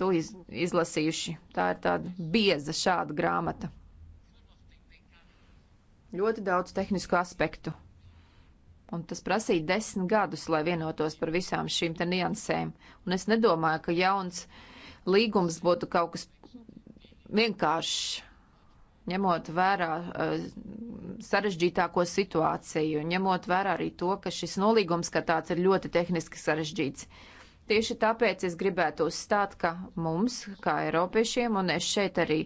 to iz, izlasījuši. Tā ir tāda bieza šāda grāmata. Ļoti daudz tehnisku aspektu. Un tas prasīja desmit gadus, lai vienotos par visām šīm te niansēm. Un es nedomāju, ka jauns līgums būtu kaut kas vienkāršs, ņemot vērā uh, sarežģītāko situāciju, ņemot vērā arī to, ka šis nolīgums kā tāds ir ļoti tehniski sarežģīts. Uh, Tieši tāpēc es gribētu uzstāt, ka mums, kā Eiropiešiem, un es šeit arī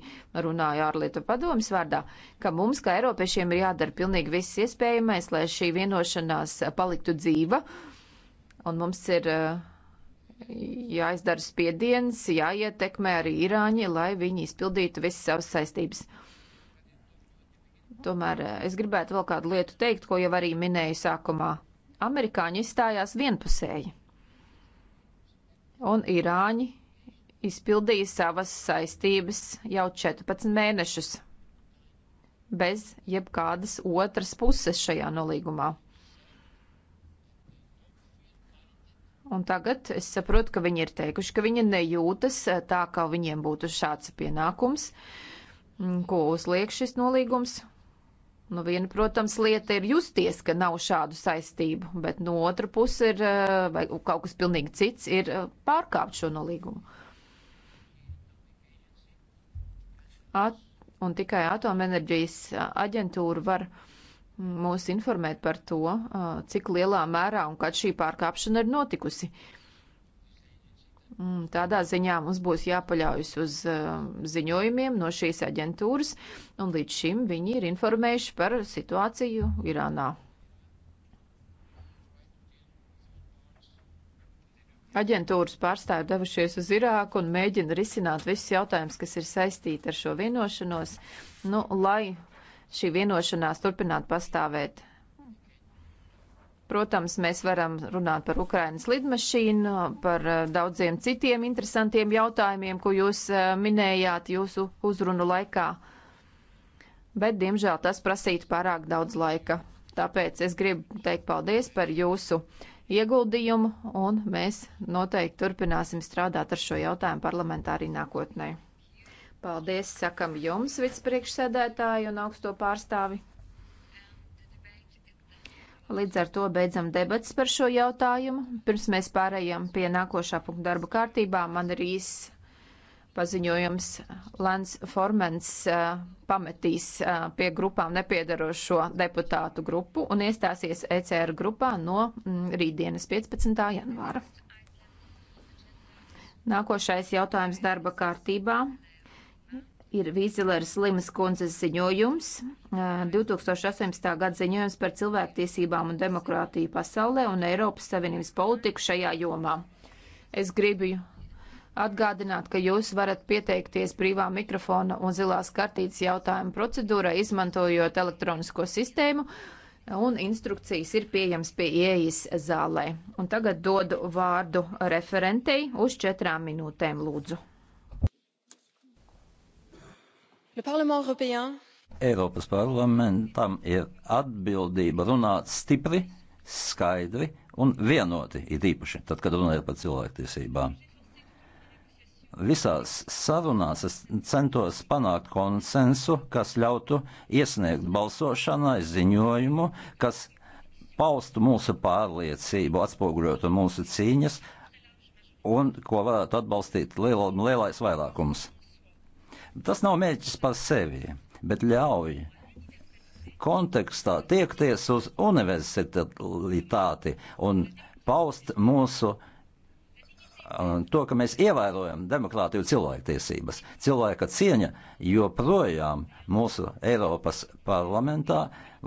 runāju ārlietu padomas vārdā, ka mums, kā Eiropiešiem, ir jādara pilnīgi viss iespējamais, lai šī vienošanās paliktu dzīva, un mums ir eh, jāizdara spiediens, jāietekmē arī Irāņi, lai viņi izpildītu visas savas saistības. Tomēr eh, es gribētu vēl kādu lietu teikt, ko jau arī minēju sākumā. Amerikāņi izstājās vienpusēji un Irāņi izpildīja savas saistības jau 14 mēnešus bez jebkādas otras puses šajā nolīgumā. Un tagad es saprotu, ka viņi ir teikuši, ka viņi nejūtas eh, tā, ka viņiem būtu šāds pienākums, mm, ko uzliek šis nolīgums, Nu, viena, protams, lieta ir justies, ka nav šādu saistību, bet no otra puses ir, eh, vai kaut kas pilnīgi cits, ir eh, pārkāpt šo nolīgumu. At, un tikai atomenerģijas eh, aģentūra var mm, mūs informēt par to, cik lielā mērā un kad šī pārkāpšana ir notikusi. Uh, Mm, tādā ziņā mums būs jāpaļaujas uz uh, ziņojumiem no šīs aģentūras, un līdz šim viņi ir informējuši par situāciju Irānā. Aģentūras pārstāvi devušies uz Irāku un mēģina risināt visus jautājumus, kas ir saistīti ar šo vienošanos, nu, lai šī vienošanās turpinātu pastāvēt Protams, mēs varam runāt par Ukrainas lidmašīnu, par eh, daudziem citiem interesantiem jautājumiem, ko jūs eh, minējāt jūsu uzrunu laikā. Bet, diemžēl, tas prasītu pārāk daudz laika. Tāpēc es gribu teikt paldies par jūsu ieguldījumu, un mēs noteikti turpināsim strādāt ar šo jautājumu parlamentā arī nākotnē. Paldies, sakam jums, vicepriekšsēdētāji un augsto pārstāvi. Līdz ar to beidzam debats par šo jautājumu. Pirms mēs pārējām pie nākošā punkta darba kārtībā, man ir īs paziņojums Lens Formens uh, pametīs uh, pie grupām nepiedarošo deputātu grupu un iestāsies ECR grupā no mm, rītdienas 15. janvāra. Nākošais jautājums darba kārtībā ir Vīzelēras Limas kundzes ziņojums, 2018. gada ziņojums par cilvēktiesībām un demokrātiju pasaulē un Eiropas Savienības politiku šajā jomā. Es gribu atgādināt, ka jūs varat pieteikties brīvā mikrofona un zilās kartītes jautājuma procedūrai, izmantojot elektronisko sistēmu, un instrukcijas ir pieejams pie ieejas zālē. Un tagad dodu vārdu referentei uz četrām minūtēm, lūdzu. Eiropas parlamentam ir atbildība runāt stipri, skaidri un vienoti, ir īpaši tad, kad runa ir par cilvēktiesībām. Visās sarunās es centos panākt konsensu, kas ļautu iesniegt balsošanai ziņojumu, kas paustu mūsu pārliecību, atspoguļotu mūsu cīņas un ko varētu atbalstīt lielais vairākums. Tas nav mērķis par sevi, bet ļauj kontekstā tiekties uz universitāti un paust mūsu Un to, ka mēs ievērojam demokrātiju cilvēktiesības, cilvēka cieņa joprojām mūsu Eiropas parlamentā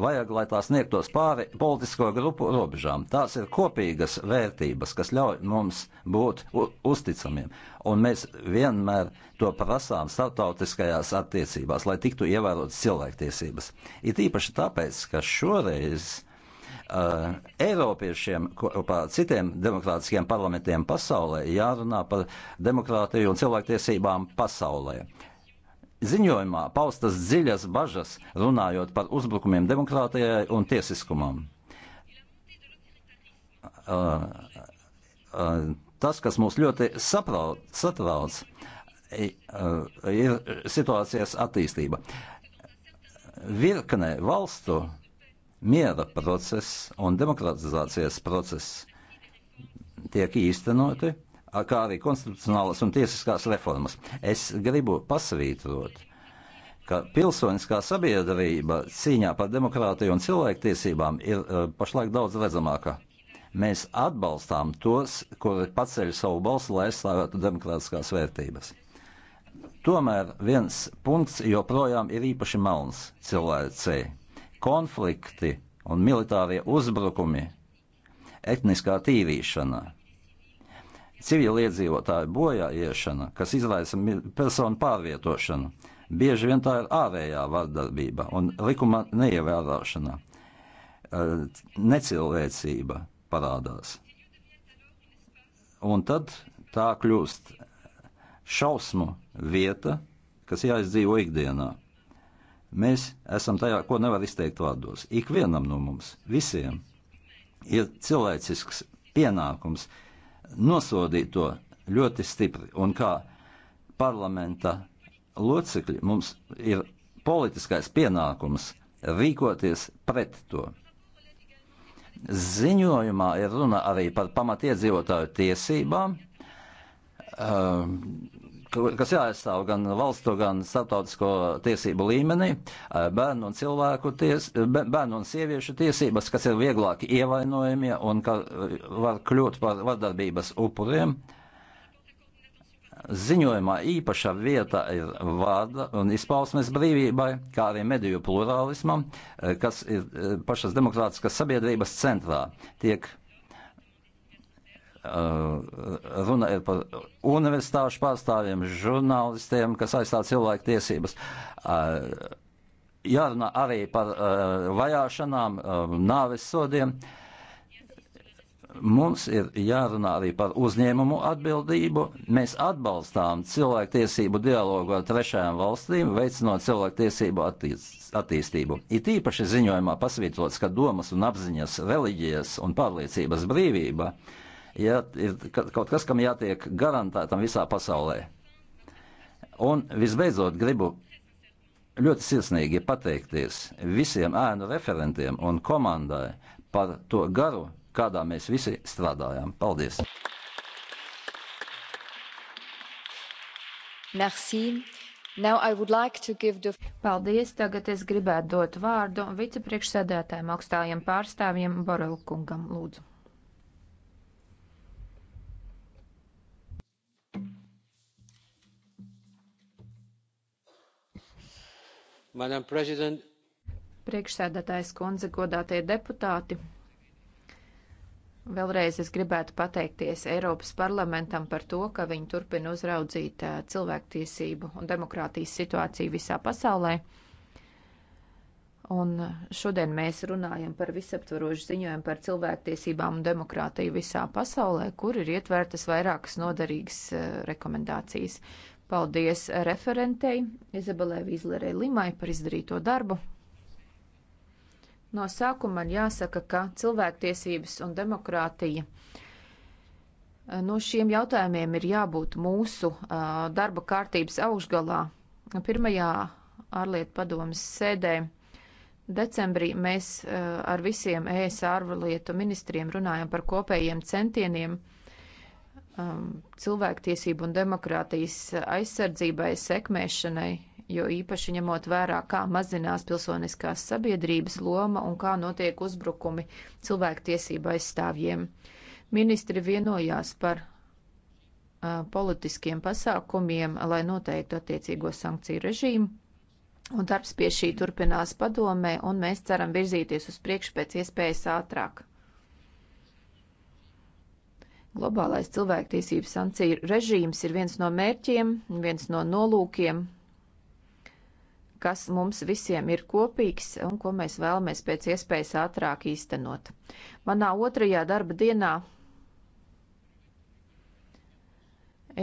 vajag, lai tās sniegtos pāri politisko grupu robežām. Tās ir kopīgas vērtības, kas ļauj mums būt uzticamiem. Un mēs vienmēr to prasām starptautiskajās attiecībās, lai tiktu ievērotas cilvēktiesības. It īpaši tāpēc, ka šoreiz uh, Eiropiešiem kopā ar citiem demokrātiskiem parlamentiem pasaulē jārunā par demokrātiju un cilvēktiesībām pasaulē. Ziņojumā paustas dziļas bažas runājot par uzbrukumiem demokrātijai un tiesiskumam. Uh, uh, tas, kas mūs ļoti saprauc, satrauc, uh, ir situācijas attīstība. Virkne valstu miera process un demokratizācijas process tiek īstenoti, kā arī konstitucionālas un tiesiskās reformas. Es gribu pasvītrot, ka pilsoniskā sabiedrība cīņā par demokrātiju un cilvēktiesībām ir e, pašlaik daudz redzamāka. Mēs atbalstām tos, kuri paceļ savu balsi, lai aizstāvētu demokrātiskās vērtības. Tomēr viens punkts joprojām ir īpaši melns cilvēcei konflikti un militārie uzbrukumi, etniskā tīrīšana, civiliedzīvotāju bojāiešana, kas izraisa personu pārvietošanu. Bieži vien tā ir ārējā vardarbība un likuma neievērošana. Eh, necilvēcība parādās. Un tad tā kļūst šausmu vieta, kas jāizdzīvo ikdienā. Mēs esam tajā, ko nevar izteikt vārdos. Ikvienam no mums, visiem, ir cilvēcisks pienākums nosodīt to ļoti stipri. Un kā parlamenta locekļi mums ir politiskais pienākums rīkoties pret to. Ziņojumā ir runa arī par pamatiedzīvotāju tiesībām. Um, kas jāaizstāv gan valstu, gan starptautisko tiesību līmenī, bērnu un cilvēku ties, bērnu un sieviešu tiesības, kas ir vieglāk ievainojamie un ka var kļūt par vardarbības upuriem. Ziņojumā īpaša vieta ir vārda un izpausmes brīvībai, kā arī mediju plurālismam, kas ir pašas demokrātiskas sabiedrības centrā. Tiek Uh, uh, runa ir par universitāšu pārstāvjiem, žurnālistiem, kas aizstāv cilvēku tiesības. Uh, jārunā arī par vajāšanām, nāves sodiem. Mums ir jārunā arī par uzņēmumu atbildību. Mēs atbalstām cilvēktiesību dialogu ar trešajām valstīm, veicinot cilvēktiesību attīst, attīstību. It īpaši ziņojumā pasvītrots, ka domas un apziņas, reliģijas un pārliecības brīvība uh, ja ir kaut kas, kam jātiek garantētam visā pasaulē. Un visbeidzot, gribu ļoti sirsnīgi pateikties visiem ēnu referentiem un komandai par to garu, kādā mēs visi strādājām. Paldies! Merci. Now I would like to give the... Paldies! Tagad es gribētu dot vārdu vicepriekšsēdētājiem augstākajam pārstāvjiem Borelkungam. Lūdzu! Priekšsēdētājs kundze, godātie deputāti, vēlreiz es gribētu pateikties Eiropas parlamentam par to, ka viņi turpina uzraudzīt cilvēktiesību un demokrātijas situāciju visā pasaulē. Un šodien mēs runājam par visaptvarošu ziņojumu par cilvēktiesībām un demokrātiju visā pasaulē, kur ir ietvērtas vairākas noderīgas rekomendācijas. Paldies referentei Izabelē Vīzlerei Limai par izdarīto darbu. No sākuma man jāsaka, ka cilvēktiesības un demokrātija eh, no šiem jautājumiem ir jābūt mūsu eh, darba kārtības augšgalā. Pirmajā ārlietu padomas sēdē decembrī mēs eh, ar visiem ES ārlietu ministriem runājam par kopējiem centieniem um, cilvēktiesību un demokrātijas aizsardzībai, sekmēšanai, jo īpaši ņemot vērā, kā mazinās pilsoniskās sabiedrības loma un kā notiek uzbrukumi cilvēktiesību aizstāvjiem. Ministri vienojās par uh, politiskiem pasākumiem, lai noteiktu attiecīgo sankciju režīmu. Un darbs pie šī turpinās padomē, un mēs ceram virzīties uz priekšu pēc iespējas ātrāk. Globālais cilvēktiesību sankciju režīms ir viens no mērķiem, viens no nolūkiem, kas mums visiem ir kopīgs un ko mēs vēlamies pēc iespējas ātrāk īstenot. Manā otrajā darba dienā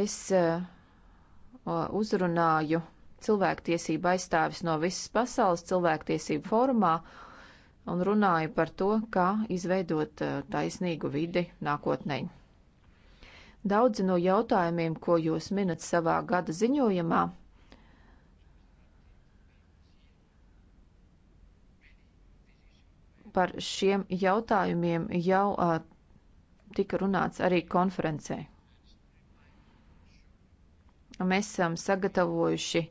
es uh, uzrunāju cilvēktiesību aizstāvis no visas pasaules cilvēktiesību formā un runāju par to, kā izveidot uh, taisnīgu vidi nākotnēji. Daudzi no jautājumiem, ko jūs minat savā gada ziņojumā, par šiem jautājumiem jau uh, tika runāts arī konferencē. Mēs esam sagatavojuši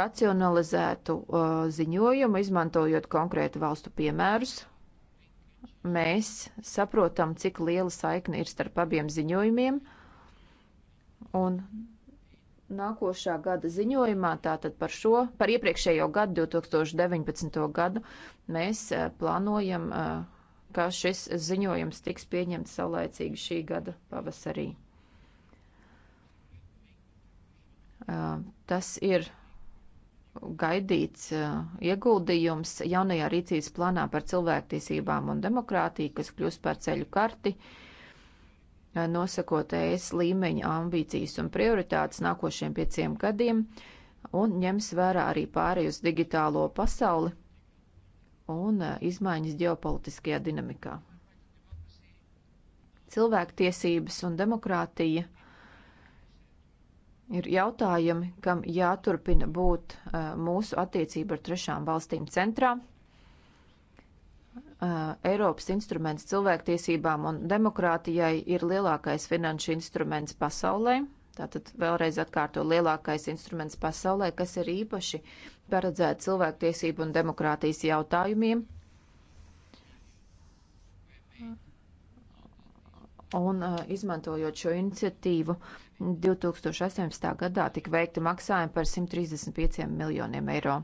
racionalizētu uh, ziņojumu, izmantojot konkrētu valstu piemērus, mēs saprotam, cik liela saikne ir starp abiem ziņojumiem. Un nākošā gada ziņojumā, tātad par šo, par iepriekšējo gadu, 2019. gadu, mēs eh, plānojam, eh, ka šis ziņojums tiks pieņemts saulēcīgi šī gada pavasarī. Eh, tas ir gaidīts eh, ieguldījums jaunajā rīcības plānā par cilvēktiesībām un demokrātiju, kas kļūs par ceļu karti, eh, nosakot ES līmeņa ambīcijas un prioritātes nākošiem pieciem gadiem un ņems vērā arī pārējus digitālo pasauli un eh, izmaiņas ģeopolitiskajā dinamikā. Cilvēktiesības un demokrātija ir jautājumi, kam jāturpina būt mūsu attiecība ar trešām valstīm centrā. Eiropas instruments cilvēktiesībām un demokrātijai ir lielākais finanšu instruments pasaulē. Tātad vēlreiz atkārto lielākais instruments pasaulē, kas ir īpaši paredzēts cilvēktiesību un demokrātijas jautājumiem Un uh, izmantojot šo iniciatīvu, 2018. gadā tika veikta maksājuma par 135 miljoniem eiro.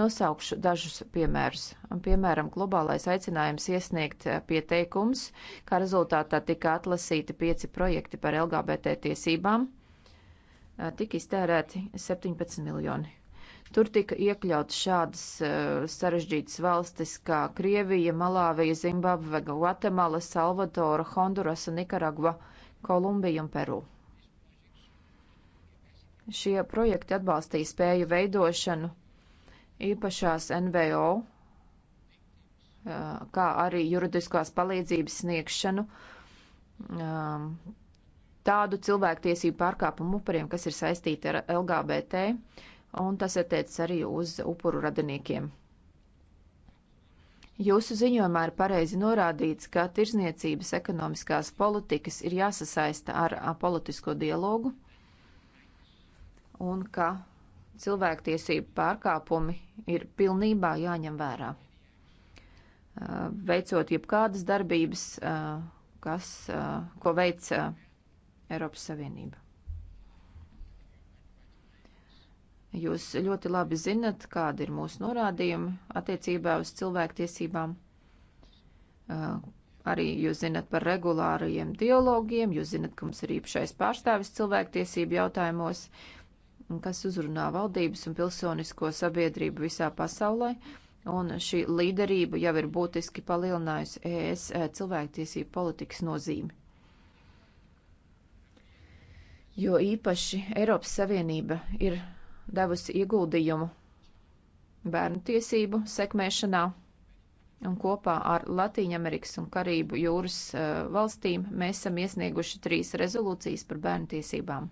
Nosaukšu dažus piemērus. Piemēram, globālais aicinājums iesniegt uh, pieteikums, kā rezultātā tika atlasīti pieci projekti par LGBT tiesībām, uh, tika iztērēti 17 miljoni Tur tika iekļauts šādas uh, sarežģītas valstis kā Krievija, Malāvija, Zimbabve, Gvatemala, Salvadora, Hondurasa, Nikaragva, Kolumbija un Peru. Šie projekti atbalstīja spēju veidošanu īpašās NVO, eh, kā arī juridiskās palīdzības sniegšanu ehm, tādu cilvēktiesību pārkāpumu upuriem, kas ir saistīti ar LGBT un tas attiecas arī uz upuru radiniekiem. Jūsu ziņojumā ir pareizi norādīts, ka tirzniecības ekonomiskās politikas ir jāsasaista ar politisko dialogu un ka cilvēktiesību pārkāpumi ir pilnībā jāņem vērā. Veicot jebkādas darbības, kas, ko veic Eiropas Savienība. Jūs ļoti labi zinat, kāda ir mūsu norādījuma attiecībā uz cilvēktiesībām. Arī jūs zinat par regulārajiem dialogiem, jūs zinat, ka mums ir īpašais pārstāvis cilvēktiesību jautājumos, kas uzrunā valdības un pilsonisko sabiedrību visā pasaulē, un šī līderība jau ir būtiski palielinājusi ES cilvēktiesību politikas nozīmi. Jo īpaši Eiropas Savienība ir devusi ieguldījumu bērnu tiesību sekmēšanā, un kopā ar Latīņamerikas un Karību jūras e, valstīm mēs esam iesnieguši trīs rezolūcijas par bērnu tiesībām.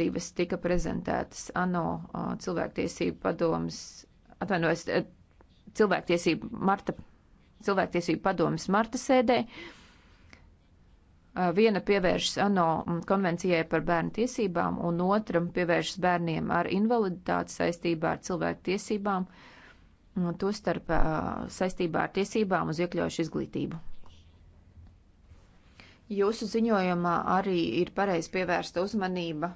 Divas tika prezentētas ANO e, cilvēktiesību padomas, atvainojos, e, cilvēktiesību Marta, cilvēktiesību padomas Marta sēdē, Eh, viena pievēršas ANO mm, konvencijai par bērnu tiesībām, un otra pievēršas bērniem ar invaliditāti saistībā ar cilvēku tiesībām, tostarp eh, saistībā ar tiesībām uz iekļaujušu izglītību. Jūsu ziņojumā arī ir pareizi pievērsta uzmanība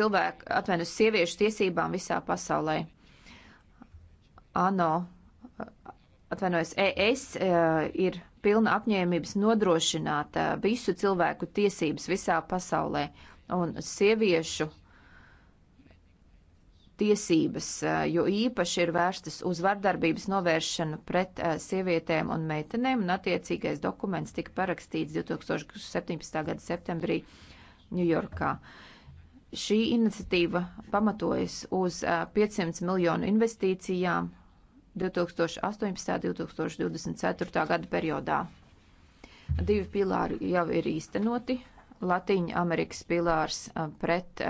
cilvēku, atvainojos, sieviešu tiesībām visā pasaulē. ANO atvainojas, ES e, ir pilna apņēmības nodrošināt e, visu cilvēku tiesības visā pasaulē un sieviešu tiesības, e, jo īpaši ir vērstas uz vardarbības novēršanu pret sievietēm un meitenēm, un attiecīgais dokuments tika parakstīts 2017. gada septembrī Ņujorkā. Šī iniciatīva pamatojas uz 500 miljonu investīcijām 2018. un 2024. gada periodā. Divi pilāri jau ir īstenoti. Latīņa Amerikas pilārs pret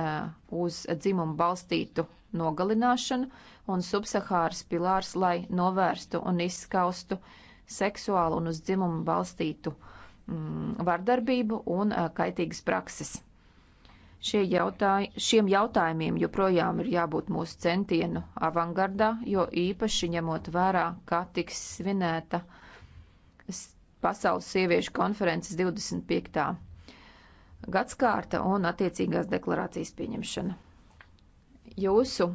uz dzimumu balstītu nogalināšanu un subsahāras pilārs, lai novērstu un izskaustu seksuālu un uz dzimumu balstītu mm, vardarbību un kaitīgas prakses. Šie jautāj, šiem jautājumiem joprojām ir jābūt mūsu centienu avangardā, jo īpaši ņemot vērā, kā tiks svinēta Pasaules sieviešu konferences 25. gadskārta un attiecīgās deklarācijas pieņemšana. Jūsu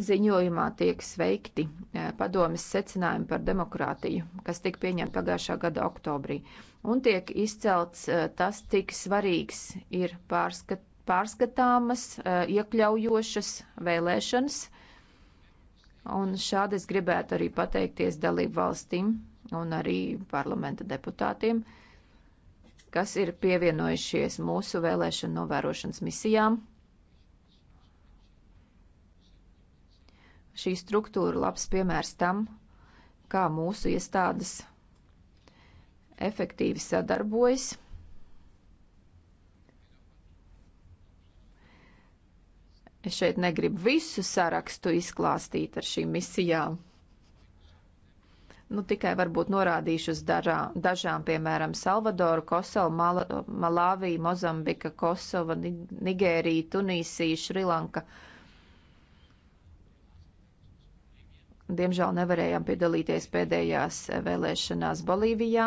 Ziņojumā tiek sveikti eh, padomis secinājumi par demokrātiju, kas tika pieņemta pagājušā gada oktobrī, un tiek izcelts eh, tas, cik svarīgs ir pārskat, pārskatāmas, eh, iekļaujošas vēlēšanas, un šādi es gribētu arī pateikties dalību valstīm un arī parlamenta deputātiem, kas ir pievienojušies mūsu vēlēšanu novērošanas misijām šī struktūra labs piemērs tam, kā mūsu iestādes efektīvi sadarbojas. Es šeit negribu visu sarakstu izklāstīt ar šīm misijām. Nu, tikai varbūt norādīšu uz dažā, dažām, piemēram, Salvadoru, Kosovu, Mal Malāviju, Mozambika, Kosova, Nigērija, Tunīsija, Šrilanka. Uh, Diemžēl nevarējām piedalīties pēdējās vēlēšanās Bolīvijā,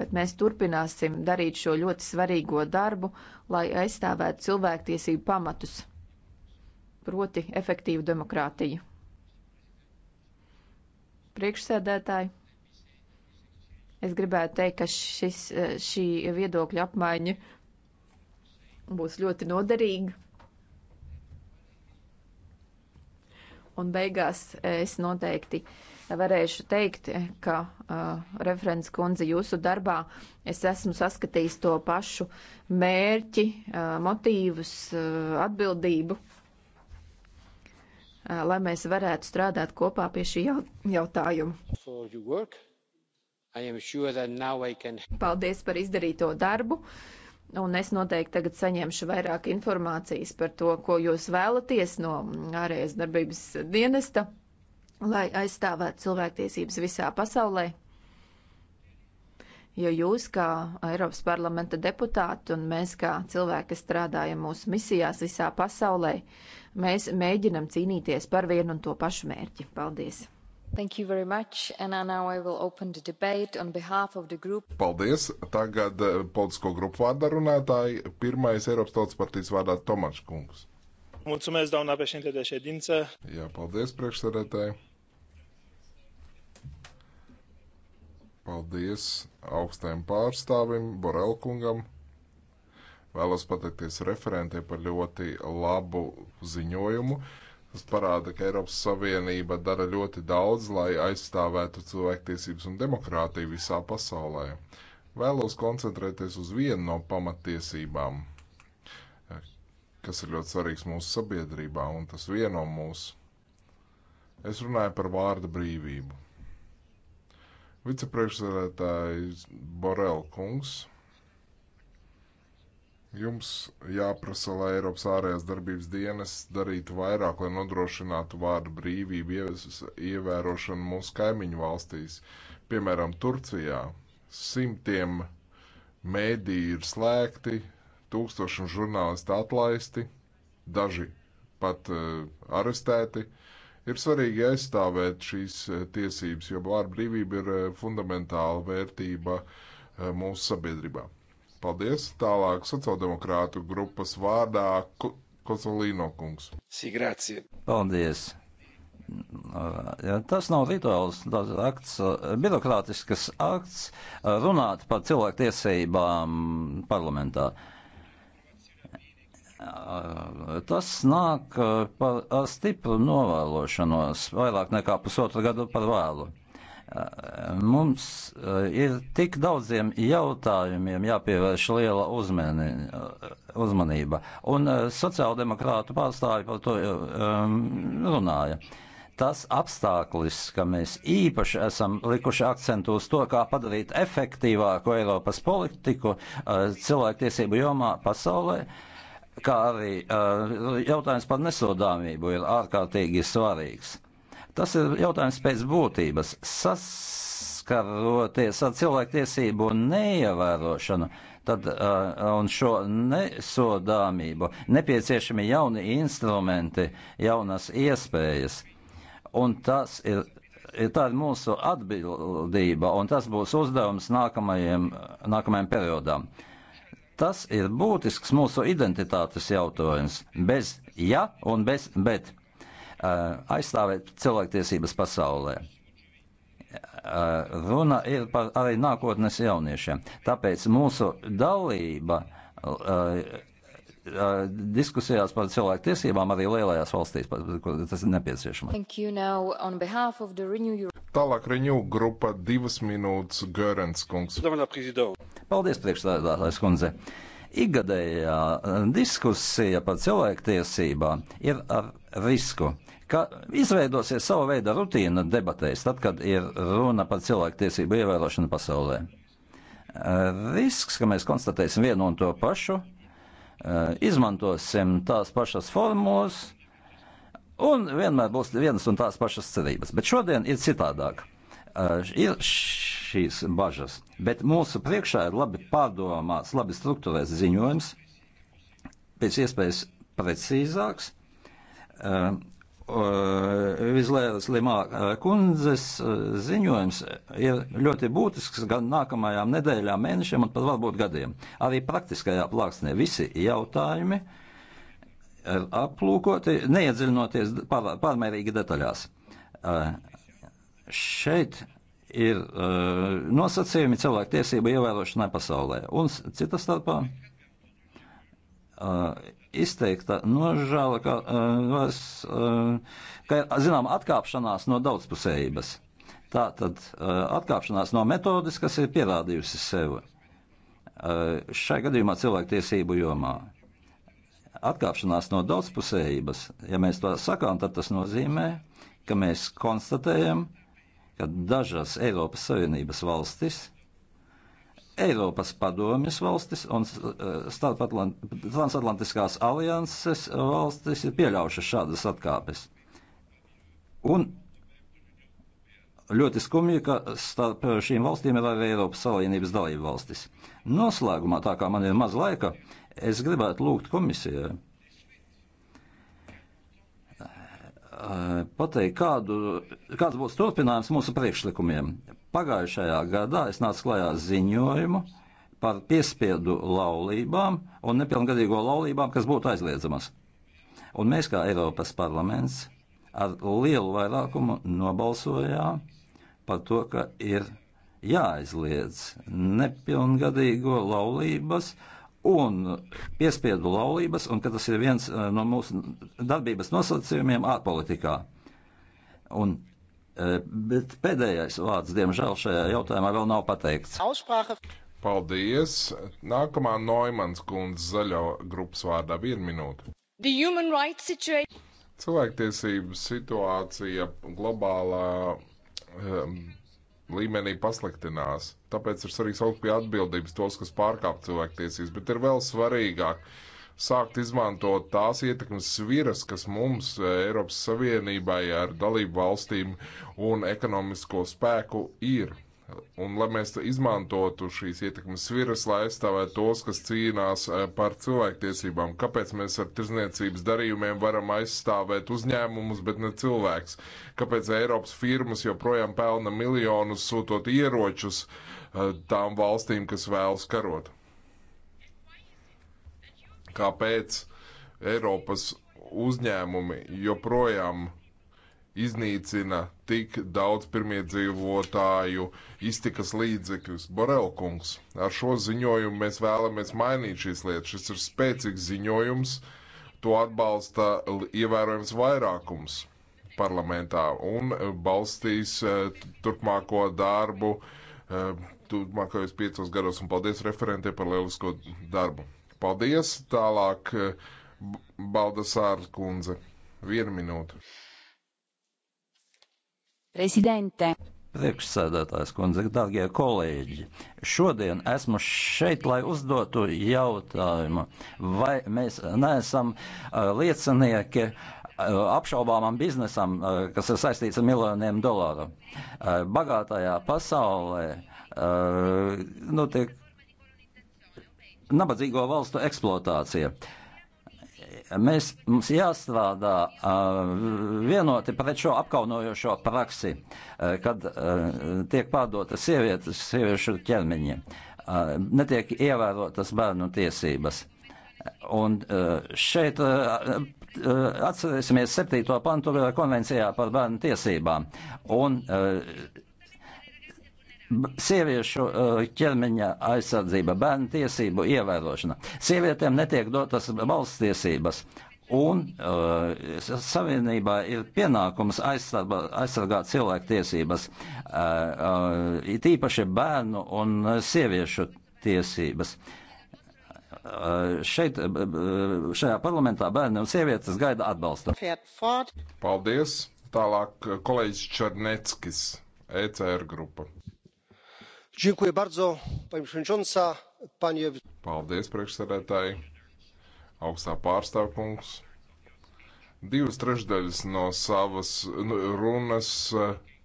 bet mēs turpināsim darīt šo ļoti svarīgo darbu, lai aizstāvētu cilvēktiesību pamatus, proti efektīvu demokrātiju. Priekšsēdētāji, es gribētu teikt, ka šis, šī viedokļa apmaiņa būs ļoti noderīga. un beigās es noteikti varēšu teikt, ka uh, referents kundze jūsu darbā es esmu saskatījis to pašu mērķi, uh, motīvus, uh, atbildību, uh, lai mēs varētu strādāt kopā pie šī jautājuma. Sure can... Paldies par izdarīto darbu. Uh, Un es noteikti tagad saņemšu vairāk informācijas par to, ko jūs vēlaties no ārējas darbības dienesta, lai aizstāvētu cilvēktiesības visā pasaulē. Jo jūs, kā Eiropas parlamenta deputāti, un mēs, kā cilvēki, kas strādājam mūsu misijās visā pasaulē, mēs mēģinam cīnīties par vienu un to pašu mērķi. Paldies! Thank you very much, and now I will open the debate on behalf of the group. Paldies. Tagad eh, politisko grupu vārdā runātāji. Pirmais Eiropas Tautas partijas vārdā Tomašs kungs. Mulțumesc, doamna președinte de ședință. Jā, paldies, priekšsēdētāji. Paldies augstajam pārstāvim Borel kungam. Vēlos pateikties referentiem par ļoti labu ziņojumu. Tas parāda, ka Eiropas Savienība dara ļoti daudz, lai aizstāvētu cilvēktiesības un demokrātiju visā pasaulē. Vēlos koncentrēties uz vienu no pamatiesībām, kas ir ļoti svarīgs mūsu sabiedrībā, un tas vieno mūs. Es runāju par vārda brīvību. Vicepriekšsēdētājs Borel kungs Jums jāprasa, lai Eiropas ārējās darbības dienas darītu vairāk, lai nodrošinātu vārdu brīvību ievērošanu mūsu kaimiņu valstīs. Piemēram, Turcijā simtiem mēdīju ir slēgti, tūkstošiem žurnālisti atlaisti, daži pat uh, arestēti. Ir svarīgi aizstāvēt šīs eh, tiesības, jo vārdu brīvība ir eh, fundamentāla vērtība uh, mūsu sabiedrībā. Paldies. Tālāk sociāldemokrātu grupas vārdā Kozolīno kungs. Sigrācija. Paldies. Ja tas nav rituāls, tas akts, birokrātisks akts runāt par cilvēktiesībām parlamentā. Tas nāk par, ar stipru novēlošanos vairāk nekā pusotru gadu par vēlu. Mums eh, ir tik daudziem jautājumiem jāpievērš liela uzmeni, eh, uzmanība, un eh, sociāldemokrātu pārstāvi par to um, runāja. Tas apstāklis, ka mēs īpaši esam likuši akcentu uz to, kā padarīt efektīvāku Eiropas politiku cilvēktiesību jomā pasaulē, kā arī jautājums par nesodāmību ir ārkārtīgi svarīgs. Tas ir jautājums pēc būtības. Saskaroties ar cilvēktiesību neievērošanu, tad uh, un šo nesodāmību nepieciešami jauni instrumenti, jaunas iespējas. Un tas ir, ir tā ir mūsu atbildība, un tas būs uzdevums nākamajiem, nākamajiem periodām. Tas ir būtisks mūsu identitātes jautājums. Bez ja un bez bet. Uh, aizstāvēt cilvēktiesības pasaulē. Uh, runa ir par arī nākotnes jauniešiem. Tāpēc mūsu dalība uh, diskusijās par cilvēku tiesībām arī lielajās valstīs. Tas ir nepieciešams. Renew... Tālāk Reņū grupa divas minūtes Görens kungs. Paldies, priekšstādātājs kundze. Uh, Igadējā eh, diskusija par cilvēktiesībām ir ar risku, ka izveidosies sava veida rutīna debatēs, tad, kad ir runa par cilvēktiesību ievērošanu pasaulē. Eh, risks, ka mēs konstatēsim vienu un to pašu, eh, izmantosim tās pašas formulas, un vienmēr būs vienas un tās pašas cerības. Bet šodien ir citādāk ir šīs bažas, bet mūsu priekšā ir labi pārdomāts, labi struktūrēts ziņojums, pēc iespējas precīzāks. Vizlēras Limā kundzes ziņojums ir ļoti būtisks gan nākamajām nedēļām, mēnešiem un pat varbūt gadiem. Arī praktiskajā plāksnē visi jautājumi ir aplūkoti, neiedziļinoties pār, pārmērīgi detaļās. Uh, Šeit ir uh, nosacījumi cilvēku tiesību ievērošanai pasaulē. Un cita starpā uh, izteikta nožēla, ka, uh, vairs, uh, ka zinām, atkāpšanās no daudzpusējības. Tā tad uh, atkāpšanās no metodes, kas ir pierādījusi sevi uh, šai gadījumā cilvēktiesību jomā. Atkāpšanās no daudzpusējības, ja mēs to sakām, tad tas nozīmē, ka mēs konstatējam, uh, ka dažas Eiropas Savienības valstis Eiropas padomjas valstis un uh, transatlantiskās alianses valstis ir pieļaujušas šādas atkāpes. Un ļoti skumji, ka starp šīm valstīm ir arī Eiropas Savienības dalība valstis. Noslēgumā, tā kā man ir maz laika, es gribētu lūgt komisijai Eh, pateikt, kādu, kāds būs turpinājums mūsu priekšlikumiem. Pagājušajā gadā es nācu klajā ziņojumu par piespiedu laulībām un nepilngadīgo laulībām, kas būtu aizliedzamas. Un mēs, kā Eiropas parlaments, ar lielu vairākumu nobalsojām par to, ka ir jāaizliedz nepilngadīgo laulības un piespiedu laulības, un ka tas ir viens eh, no mūsu darbības nosacījumiem ārpolitikā. Un, eh, bet pēdējais vārds, diemžēl, šajā jautājumā vēl nav pateikts. Paldies! Nākamā Noimans kundze zaļo grupas vārdā vienu minūtu. Cilvēktiesību situācija globālā um, līmenī pasliktinās. Tāpēc ir svarīgi saukt pie atbildības tos, kas pārkāp cilvēktiesības, bet ir vēl svarīgāk sākt izmantot tās ietekmes sviras, kas mums eh, Eiropas Savienībai ar dalību valstīm un ekonomisko spēku ir un lai mēs izmantotu šīs ietekmes sviras, lai aizstāvētu tos, kas cīnās eh, par cilvēktiesībām. Kāpēc mēs ar tirzniecības darījumiem varam aizstāvēt uzņēmumus, bet ne cilvēks? Kāpēc Eiropas firmas joprojām pelna miljonus sūtot ieročus eh, tām valstīm, kas vēlas karot? Kāpēc Eiropas uzņēmumi joprojām iznīcina tik daudz pirmiedzīvotāju iztikas līdzekļus. Borelkungs, ar šo ziņojumu mēs vēlamies mainīt šīs lietas. Šis ir spēcīgs ziņojums, to atbalsta ievērojams vairākums parlamentā un balstīs e, turpmāko darbu e, turpmākajos piecos gados. Un paldies referentiem par lielisko darbu. Paldies! Tālāk e, Baldasāra kundze. Vienu minūtu. Prezidente. Priekšsēdētājs kundze, dārgie kolēģi, šodien esmu šeit, lai uzdotu jautājumu, vai mēs neesam liecinieki apšaubāmam biznesam, kas ir saistīts ar miljoniem dolāru. Bagātajā pasaulē notiek nu, nabadzīgo valstu eksploatācija. Uh, Mēs, mums jāstrādā uh, vienoti pret šo apkaunojošo praksi, uh, kad uh, tiek pārdotas sievietes sieviešu ķermeņi, uh, netiek ievērotas bērnu tiesības. Un uh, šeit uh, atcerēsimies 7. pantu konvencijā par bērnu tiesībām. Un, uh, sieviešu eh, ķermeņa aizsardzība, bērnu tiesību ievērošana. Sievietēm netiek dotas valsts tiesības. Un uh, savienībā ir pienākums aizsarba, aizsargāt cilvēku tiesības, uh, uh, tīpaši bērnu un sieviešu tiesības. Uh, šeit, uh, šajā parlamentā bērni un sievietes gaida atbalstu. Paldies! Tālāk kolēģis Černeckis, ECR grupa. Paldies, priekšsēdētāji, augstā pārstāvkungs. Divas trešdaļas no savas runas eh,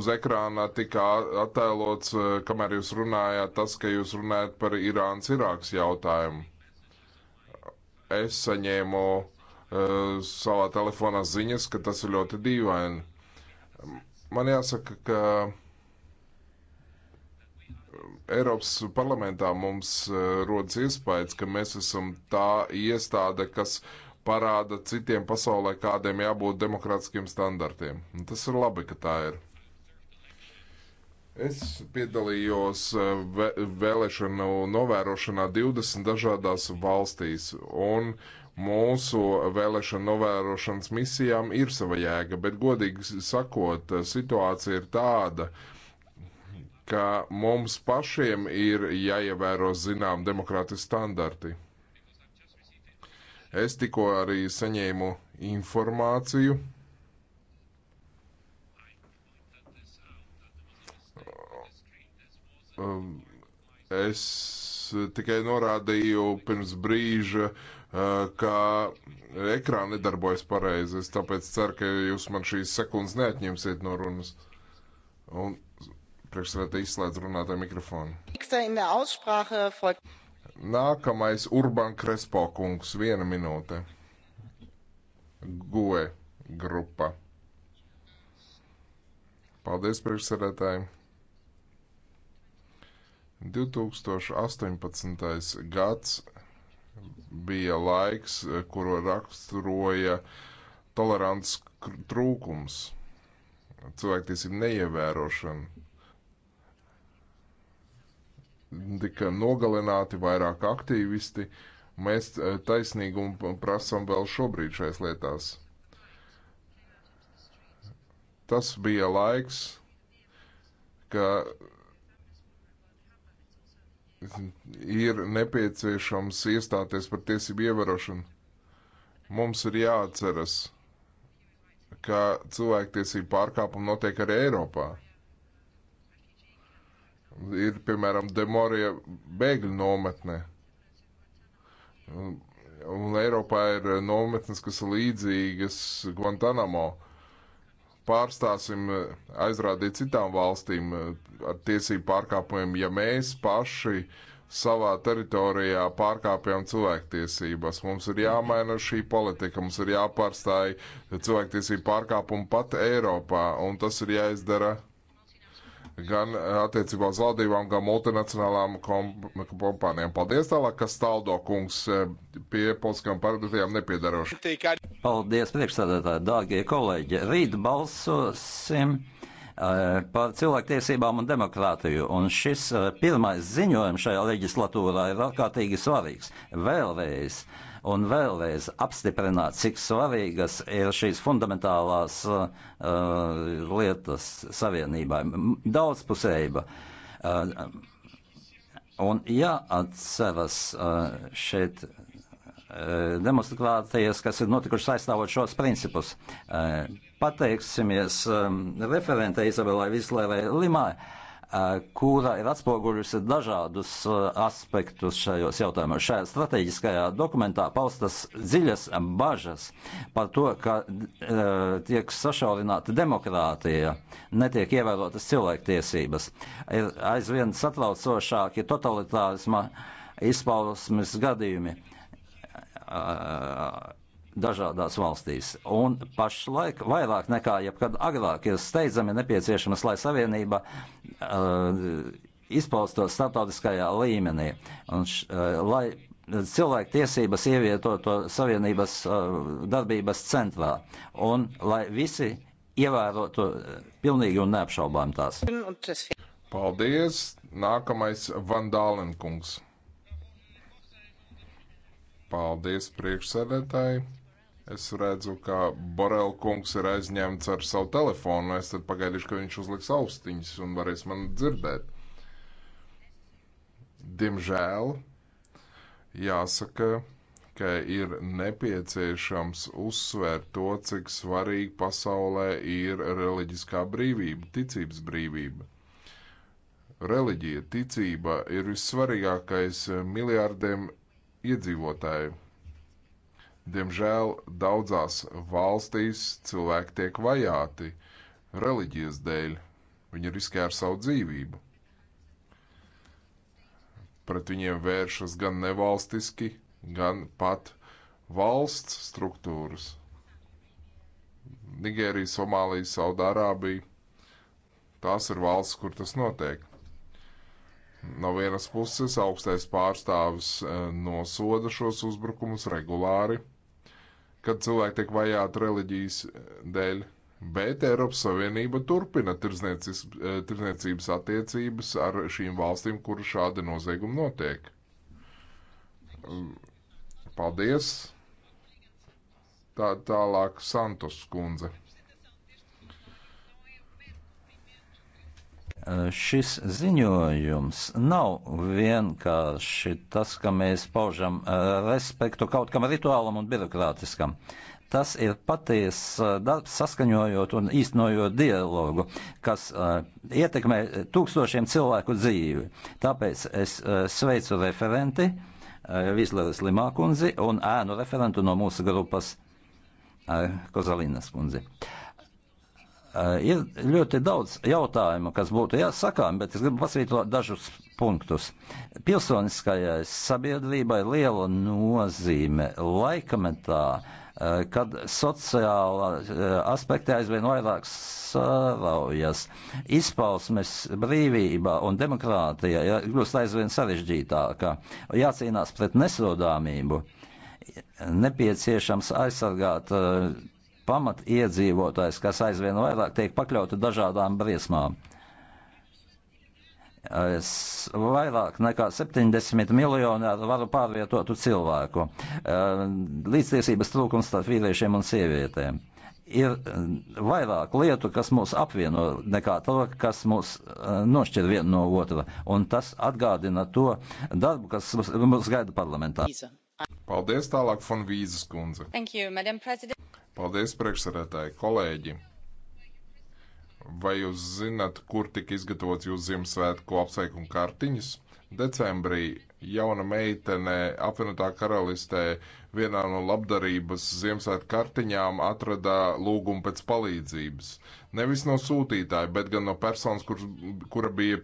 uz ekrāna tika attēlots, eh, kamēr jūs runājāt, tas, ka jūs runājat par Irānas-Irākas jautājumu. Es saņēmu uh, savā telefonā ziņas, ka tas ir ļoti dīvaini. Man jāsaka, ka eh, Eiropas parlamentā mums eh, rodas iespējas, ka mēs esam tā iestāde, kas parāda citiem pasaulē, kādiem jābūt demokrātiskiem standartiem. Un tas ir labi, ka tā ir. Es piedalījos eh, vēlēšanu novērošanā 20 dažādās valstīs, un mūsu vēlēšana novērošanas misijām ir sava jēga, bet godīgi sakot, situācija ir tāda, ka mums pašiem ir jāievēro zinām demokrātiski standarti. Es tikko arī saņēmu informāciju. Um, es tikai norādīju pirms brīža uh, ka ekrāna nedarbojas pareizi. Es tāpēc ceru, ka jūs man šīs sekundes neatņemsiet no runas. Un priekšsēdētāji izslēdz runātāju mikrofonu. Nākamais Urban Krespo kungs, viena minūte. GUE grupa. Paldies, priekšsēdētāji. 2018. gads bija laiks, kuru raksturoja tolerants trūkums, cilvēktiesību neievērošana. Tika nogalināti vairāk aktīvisti. Mēs eh, taisnīgumu prasam vēl šobrīd šais lietās. Tas bija laiks, ka ir nepieciešams iestāties par tiesību ievērošanu. Mums ir jāatceras, ka cilvēktiesību pārkāpumi notiek arī Eiropā. Ir, piemēram, Demorija bēgļu nometne. Un Eiropā ir nometnes, kas ir līdzīgas Guantanamo. Uh, pārstāsim eh, aizrādīt citām valstīm eh, ar tiesību pārkāpumiem, ja mēs paši savā teritorijā pārkāpjam cilvēktiesības. Mums ir jāmaina šī politika, mums ir jāpārstāj cilvēktiesību pārkāpumu pat Eiropā, un tas ir jāizdara gan eh, attiecībā uz valdībām, gan multinacionālām kompānijām. Paldies tālāk, kas staldo kungs eh, pie polskām partijām nepiedarošu. Paldies, priekšstādātāji, dārgie kolēģi. Rīt balsosim eh, par cilvēktiesībām un demokrātiju. Un šis pirmais ziņojums šajā leģislatūrā ir ārkārtīgi svarīgs. Vēlreiz. Uh, un vēlreiz apstiprināt, cik svarīgas ir šīs fundamentālās uh, lietas savienībai - daudzpusējība. Uh, un jāatceras uh, šeit uh, demonstrācijas, kas ir notikušas aizstāvot šos principus. Uh, pateiksimies um, referentei Izabelai Vislēvai Limai Eh, kura ir atspoguļusi dažādus eh, aspektus šajos jautājumos. Šajā strateģiskajā dokumentā paustas dziļas bažas par to, ka eh, tiek sašaurināta demokrātija, netiek ievērotas cilvēktiesības. Ir aizvien satraucošāki totalitārisma izpausmes gadījumi dažādās valstīs. Un pašlaik vairāk nekā jebkad agrāk ir steidzami nepieciešamas, lai savienība uh, izpaustos starptautiskajā līmenī. Un, š, uh, lai cilvēku tiesības ievietoto savienības uh, darbības centrā. Un lai visi ievērotu uh, pilnīgi un neapšaubām tās. Paldies! Nākamais Vandālenkungs. Paldies priekšsēdētāji! Es redzu, ka Borel kungs ir aizņemts ar savu telefonu. Es tad pagaidīšu, ka viņš uzliks austiņas un varēs man dzirdēt. Diemžēl jāsaka, ka ir nepieciešams uzsvērt to, cik svarīgi pasaulē ir reliģiskā brīvība, ticības brīvība. Reliģija, ticība ir vissvarīgākais miljārdiem iedzīvotāju Diemžēl daudzās valstīs cilvēki tiek vajāti reliģijas dēļ. Viņi riskē ar savu dzīvību. Pret viņiem vēršas gan nevalstiski, gan pat valsts struktūras. Nigērija, Somālija, Saudārābija. Tās ir valsts, kur tas notiek. No vienas puses augstais pārstāvis eh, nosoda šos uzbrukumus regulāri kad cilvēki tiek vajāti reliģijas eh, dēļ. Bet Eiropas Savienība turpina tirdzniecības eh, attiecības ar šīm valstīm, kur šādi noziegumi notiek. Paldies! Tā, tālāk Santos kundze. Šis ziņojums nav vienkārši tas, ka mēs paužam respektu kaut kam rituālam un birokrātiskam. Tas ir patiesa darbs, saskaņojot un īstenojot dialogu, kas uh, ietekmē tūkstošiem cilvēku dzīvi. Tāpēc es uh, sveicu referenti uh, Vīsleres Limākundzi un ēnu referentu no mūsu grupas uh, Kozalīnas kundzi. Uh, Eh, ir ļoti daudz jautājumu, kas būtu jāsakām, bet es gribu pasvītrot dažus punktus. Pilsoniskajai sabiedrībai liela nozīme laikametā, eh, kad sociāla eh, aspekti aizvien vairāk saraujas, izpausmes brīvība un demokrātija kļūst aizvien sarežģītāka, jācīnās pret nesodāmību, nepieciešams aizsargāt pamatiedzīvotājs, kas aizvien vairāk tiek pakļauti dažādām briesmām. Es vairāk nekā 70 miljoni ar varu pārvietotu cilvēku. Eh, līdztiesības trūkums starp vīriešiem un sievietēm. Ir eh, vairāk lietu, kas mūs apvieno, nekā to, kas mūs eh, nošķir vienu no otra. Un tas atgādina to darbu, kas mūs gaida parlamentā. Paldies tālāk, Fonvīzes kundze. Thank you, Madam President. Paldies, priekšsarētāji, kolēģi! Vai jūs zinat, kur tika izgatavots jūsu Ziemassvētku apsveikuma kartiņas? Decembrī jauna meitene apvienotā karalistē vienā no labdarības Ziemassvētku kartiņām atrada lūgumu pēc palīdzības. Nevis no sūtītāja, bet gan no personas, kur, kura bija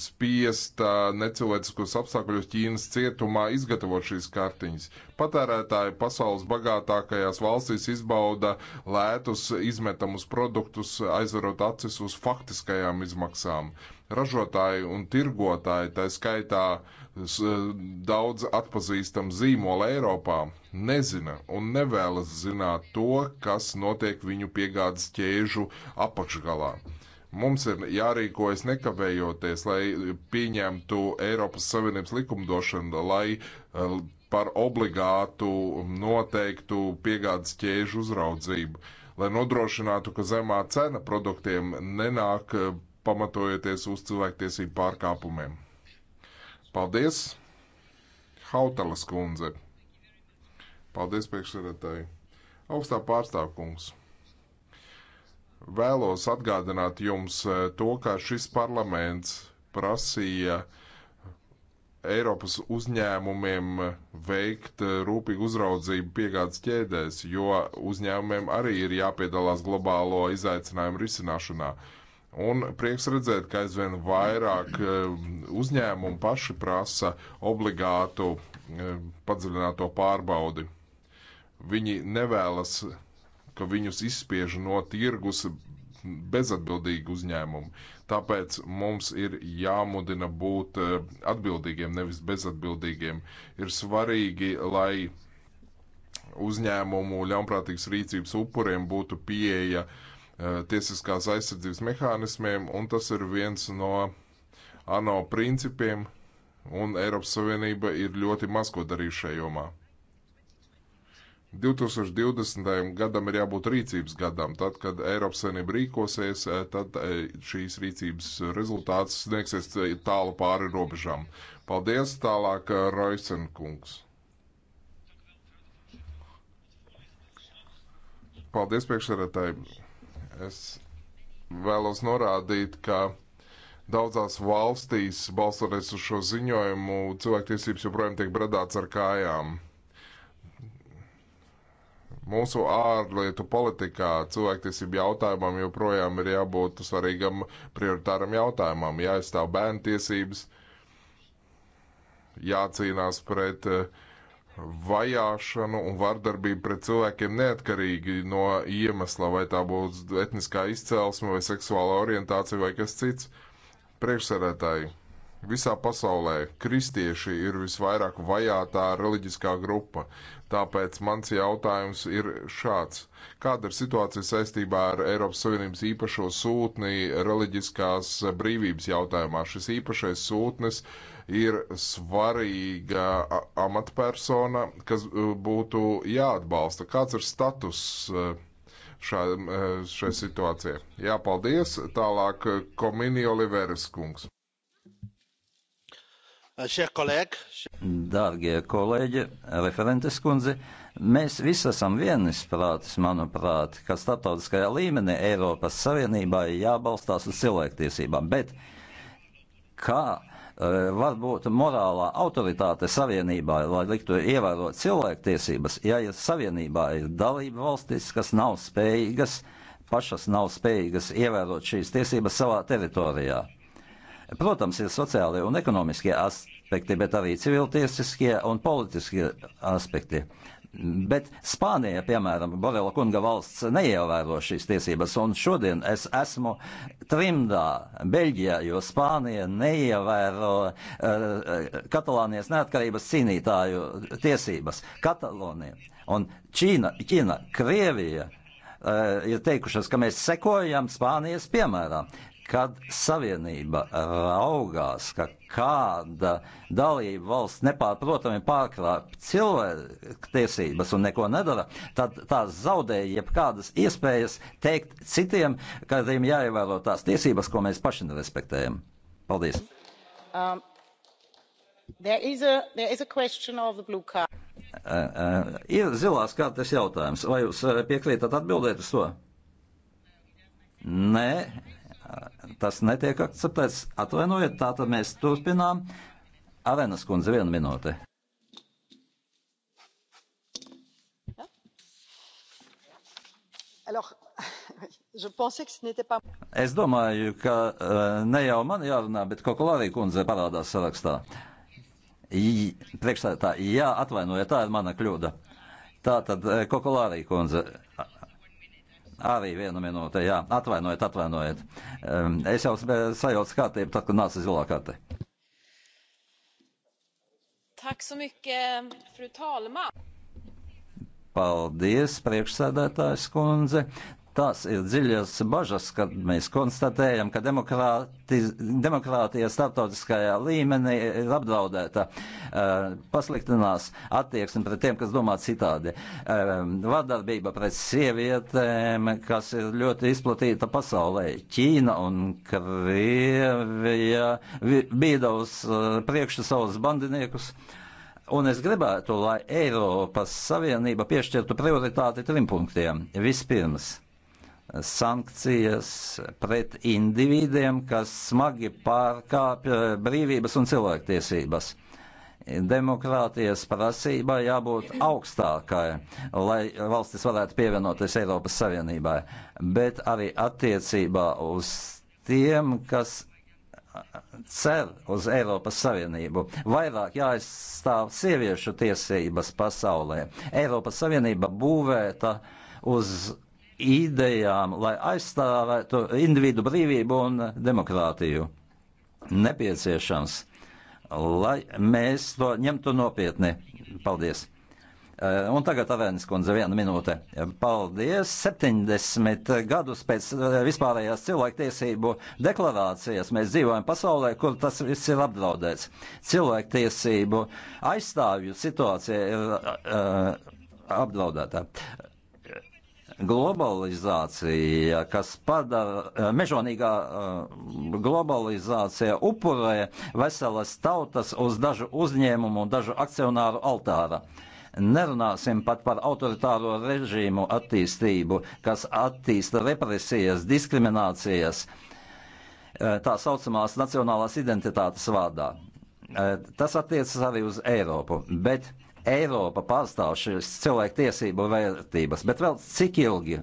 spiesta necilvēciskos apstākļos Ķīnas cietumā izgatavot šīs kartiņas. Patērētāji pasaules bagātākajās valstīs izbauda lētus izmetamus produktus, aizverot acis uz faktiskajām izmaksām. Ražotāji un tirgotāji, tā skaitā daudz atpazīstam zīmoli Eiropā, nezina un nevēlas zināt to, kas notiek viņu piegādes ķēžu apakšgalā. Mums ir jārīkojas nekavējoties, lai pieņemtu Eiropas Savienības likumdošanu, lai eh, par obligātu noteiktu piegādes ķēžu uzraudzību, lai nodrošinātu, ka zemā cena produktiem nenāk eh, pamatojoties uz cilvēktiesību pārkāpumiem. Paldies, Hautalas kundze! Paldies, priekšsēdētāji! Augstā pārstāvkungs! vēlos atgādināt jums e, to, kā šis parlaments prasīja Eiropas uzņēmumiem veikt e, rūpīgu uzraudzību piegādes ķēdēs, jo uzņēmumiem arī ir jāpiedalās globālo izaicinājumu risināšanā. Un prieks redzēt, ka aizvien vairāk e, uzņēmumu paši prasa obligātu padziļināto pārbaudi. Viņi nevēlas ka viņus izspiež no tirgus bezatbildīgi uzņēmumi. Tāpēc mums ir jāmudina būt eh, atbildīgiem, nevis bezatbildīgiem. Ir svarīgi, lai uzņēmumu ļaunprātīgas rīcības upuriem būtu pieeja eh, tiesiskās aizsardzības mehānismiem, un tas ir viens no ANO principiem, un Eiropas Savienība ir ļoti maz ko darījusi šajā jomā. 2020. gadam ir jābūt rīcības gadam. Tad, kad Eiropas Savienība rīkosies, eh, tad eh, šīs rīcības rezultāts sniegsies eh, tālu pāri robežām. Paldies, tālāk Roisenkungs. Paldies, priekšsēdētāji. Es vēlos norādīt, ka daudzās valstīs, balstoties uz šo ziņojumu, cilvēktiesības joprojām tiek bradāts ar kājām Mūsu ārlietu politikā cilvēktiesību jautājumam joprojām ir jābūt svarīgam prioritāram jautājumam. Jāizstāv bērnu tiesības, jācīnās pret eh, vajāšanu un vardarbību pret cilvēkiem neatkarīgi no iemesla, vai tā būs etniskā izcelsme vai seksuāla orientācija vai kas cits. Priekšsēdētāji! Visā pasaulē kristieši ir visvairāk vajātā reliģiskā grupa, tāpēc mans jautājums ir šāds. Kāda ir situācija saistībā ar Eiropas Savienības īpašo sūtni reliģiskās brīvības jautājumā? Šis īpašais sūtnis ir svarīga amatpersona, kas e, būtu jāatbalsta. Kāds ir status e, šā, e, šai situācijai? Jā, paldies. Tālāk Komini Oliveres kungs. Dārgie kolēģi, referentes kundze, mēs visi esam vienisprātis, manuprāt, ka starptautiskajā līmenī Eiropas Savienībā ir jābalstās uz cilvēktiesībām, bet kā e, var būt morālā autoritāte savienībā, lai liktu ievērot cilvēktiesības, ja ir savienībā ir dalība valstis, kas nav spējīgas, pašas nav spējīgas ievērot šīs tiesības savā teritorijā. Protams, ir sociālie un ekonomiskie aspekti, bet arī civiltiesiskie un politiskie aspekti. Bet Spānija, piemēram, Borela kunga valsts neievēro šīs tiesības, un šodien es esmu trimdā Beļģijā, jo Spānija neievēro uh, Katalānijas neatkarības cīnītāju tiesības. Katalonija un Čīna, Ķina, Krievija uh, ir teikušas, ka mēs sekojam Spānijas piemēram kad savienība raugās, eh, ka kāda dalība valsts nepārprotami pārkāpj cilvēktiesības un neko nedara, tad tās zaudēja jebkādas iespējas teikt citiem, ka viņiem jāievēro tās tiesības, ko mēs paši nerespektējam. Paldies! Um, there is a, there is a question of the blue card. Uh, uh, ir zilās kārtas jautājums. Vai jūs piekrītat atbildēt uz to? Nē. Tas netiek akceptēts. Atvainojiet, tā tad mēs turpinām. Avenas kundze, viena minūte. Alors, Es domāju, ka e, ne jau man jārunā, bet Kokolārī kundze parādās sarakstā. Priekšstādā, jā, atvainojiet, tā ir mana kļūda. Tā tad e, Kokolārī kundze, Arī viena minūte, jā. Atvainojiet, atvainojiet. Um, es jau sajaucu kārtību, tad, kad nāca zilā karte. Paldies, priekšsēdētājs kundze. Tās ir dziļas bažas, kad mēs konstatējam, ka demokrātija starptautiskajā līmenī ir apdraudēta, uh, pasliktinās attieksme pret tiem, kas domā citādi. Um, vardarbība pret sievietēm, kas ir ļoti izplatīta pasaulē. Ķīna un Krievija bīdaus uh, eh, priekšu savus bandiniekus. Un es gribētu, lai Eiropas Savienība piešķirtu prioritāti trim punktiem. Vispirms sankcijas pret individiem, kas smagi pārkāpj eh, brīvības un cilvēktiesības demokrātijas prasībai jābūt augstākai, lai valstis varētu pievienoties Eiropas Savienībai, bet arī attiecībā uz tiem, kas eh, cer uz Eiropas Savienību. Vairāk jāizstāv sieviešu tiesības pasaulē. Eiropas Savienība būvēta uz idejām, lai aizstāvētu individu brīvību un demokrātiju. Nepieciešams, lai mēs to ņemtu nopietni. Paldies! Eh, un tagad Avēnis kundze viena minūte. Paldies! 70 gadus pēc eh, vispārējās cilvēktiesību deklarācijas mēs dzīvojam pasaulē, kur tas viss ir apdraudēts. Cilvēktiesību aizstāvju situācija ir uh, eh, apdraudētā. Globalizācija, kas padara eh, mežonīgā eh, globalizācija upurē veselas tautas uz dažu uzņēmumu un dažu akcionāru altāra. Nerunāsim pat par autoritāro režīmu attīstību, kas attīsta represijas, diskriminācijas, eh, tā saucamās nacionālās identitātes vārdā. Tas attiecas arī uz Eiropu, bet uh, Eiropa pārstāv šīs cilvēku tiesību vērtības, bet vēl cik ilgi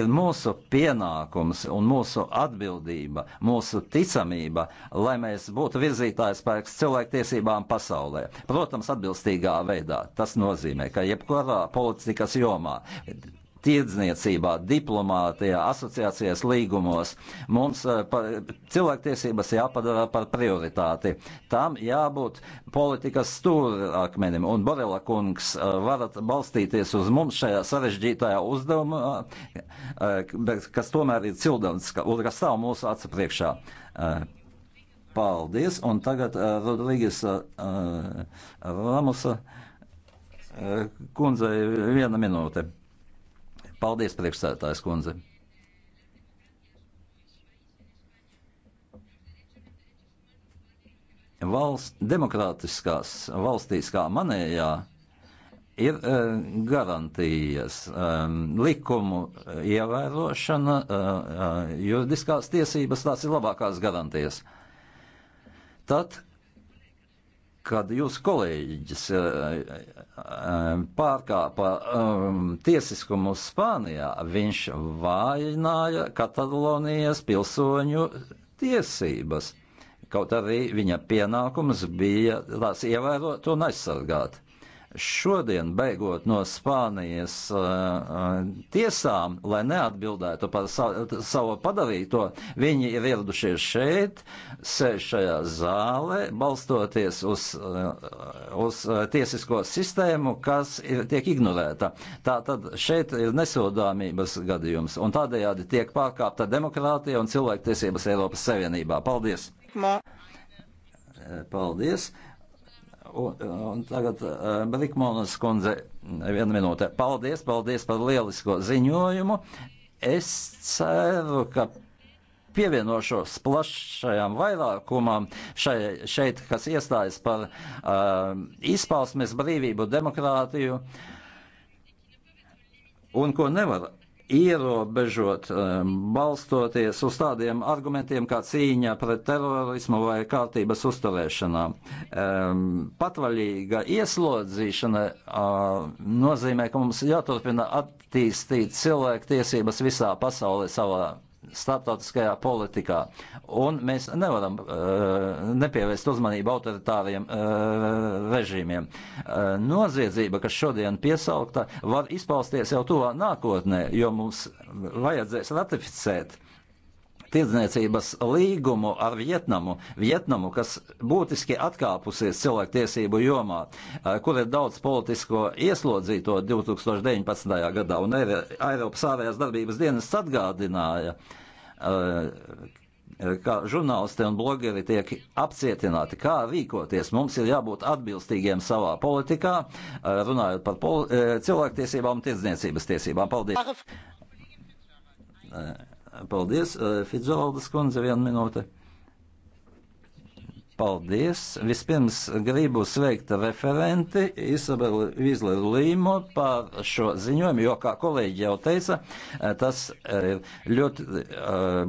ir mūsu pienākums un mūsu atbildība, mūsu ticamība, lai mēs būtu virzītājs spēks cilvēktiesībām pasaulē. Protams, atbilstīgā veidā. Tas nozīmē, ka jebkurā politikas jomā tiedzniecībā, diplomātijā, asociācijas līgumos. Mums eh, par, cilvēktiesības jāpadara par prioritāti. Tam jābūt politikas stūrakmenim, un Borela kungs eh, varat balstīties uz mums šajā sarežģītajā uzdevumā, eh, kas tomēr ir cildams un kas stāv mūsu acu priekšā. Paldies, un tagad Rodrīgas Ramusa kundzei viena minūte. Paldies, priekšsētājs kundze! Valsts, demokrātiskās valstīs kā manējā ir uh, garantijas um, likumu ievērošana, uh, uh, juridiskās tiesības, tās ir labākās garantijas. Tad, kad jūsu kolēģis eh, eh, pārkāpa um, tiesiskumu Spānijā, viņš vājināja Katalonijas pilsoņu tiesības, kaut arī viņa pienākums bija tās ievērot un aizsargāt šodien beigot no Spānijas uh, tiesām, lai neatbildētu par savu, savu padavīto, viņi ir ieradušies šeit, sēž šajā zālē, balstoties uz, uh, uz tiesisko sistēmu, kas ir, tiek ignorēta. Tā tad šeit ir nesodāmības gadījums, un tādējādi tiek pārkāpta demokrātija un cilvēktiesības Eiropas Savienībā. Paldies! Paldies! Un, un tagad uh, eh, Brīkmonas kundze, viena minūte. Paldies, paldies par lielisko ziņojumu. Es ceru, ka pievienošos plašajām vairākumam šai, šeit, kas iestājas par uh, izpausmes brīvību, demokrātiju un ko nevar ierobežot, um, balstoties uz tādiem argumentiem kā cīņa pret terorismu vai kārtības uzturēšanā. Um, patvaļīga ieslodzīšana uh, nozīmē, ka mums jāturpina attīstīt cilvēku tiesības visā pasaulē savā starptautiskajā politikā. Un mēs nevaram uh, nepievērst uzmanību autoritāriem uh, režīmiem. Uh, noziedzība, kas šodien piesaukta, var izpausties jau tuvā nākotnē, jo mums vajadzēs ratificēt uh, tirdzniecības līgumu ar Vietnamu, Vietnamu kas būtiski atkāpusies cilvēktiesību jomā, eh, kur ir daudz politisko ieslodzīto 2019. gadā, un Eiropas ārējās darbības dienas atgādināja, eh, kā žurnālisti un blogeri tiek apcietināti, kā rīkoties. Mums ir jābūt atbilstīgiem savā politikā, eh, runājot par poli cilvēktiesībām un tirdzniecības tiesībām. Paldies! Paldies, eh, Fidzoldas kundze, viena minūte. Paldies! Vispirms gribu sveikt referenti Isabelu Vizleru Līmo par šo ziņojumu, jo, kā kolēģi jau teica, eh, tas ir eh, ļoti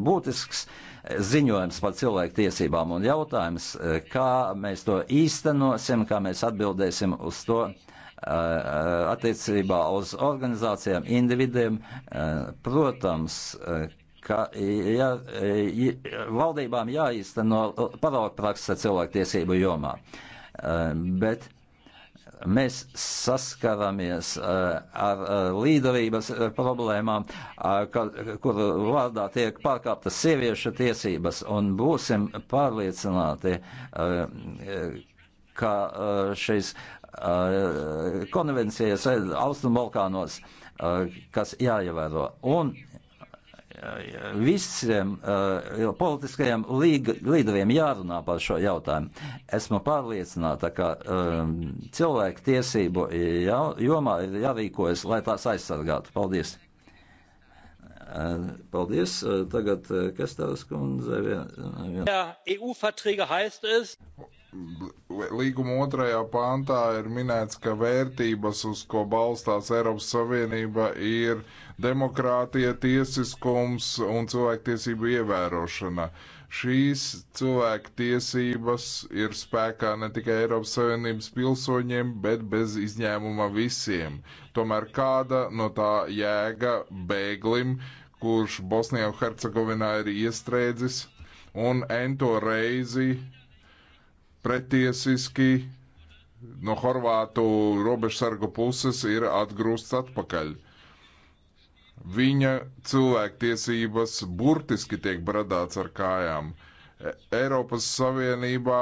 būtisks ziņojums par cilvēku tiesībām un jautājums, kā mēs to īstenosim, kā mēs atbildēsim uz to attiecībā uz organizācijām, individiem. Protams, ka e, jā, jā, e, valdībām jāīsteno parauga praksa cilvēktiesību jomā. E, bet mēs saskaramies ar līderības problēmām, kur vārdā tiek pārkāptas sieviešu tiesības, un būsim pārliecināti, ka šīs konvencijas Austrumbalkānos, kas jāievēro. Un visiem uh, politiskajiem līderiem jārunā par šo jautājumu. Esmu pārliecināta, ka um, cilvēku tiesību jau, jomā ir jārīkojas, lai tās aizsargātu. Paldies! Uh, paldies. Uh, tagad Kestāras kundze. Vien, vien. Ja, EU-Verträge heißt es. Līguma otrajā pāntā ir minēts, ka vērtības, uz ko balstās Eiropas Savienība, ir demokrātija, tiesiskums un cilvēktiesību ievērošana. Šīs cilvēktiesības ir spēkā ne tikai Eiropas Savienības pilsoņiem, bet bez izņēmuma visiem. Tomēr kāda no tā jēga bēglim, kurš Bosnijā un Hercegovinā ir iestrēdzis un ento reizi pretiesiski no Horvātu robežsargu puses ir atgrūsts atpakaļ. Viņa cilvēktiesības burtiski tiek bradāts ar kājām. Eiropas Savienībā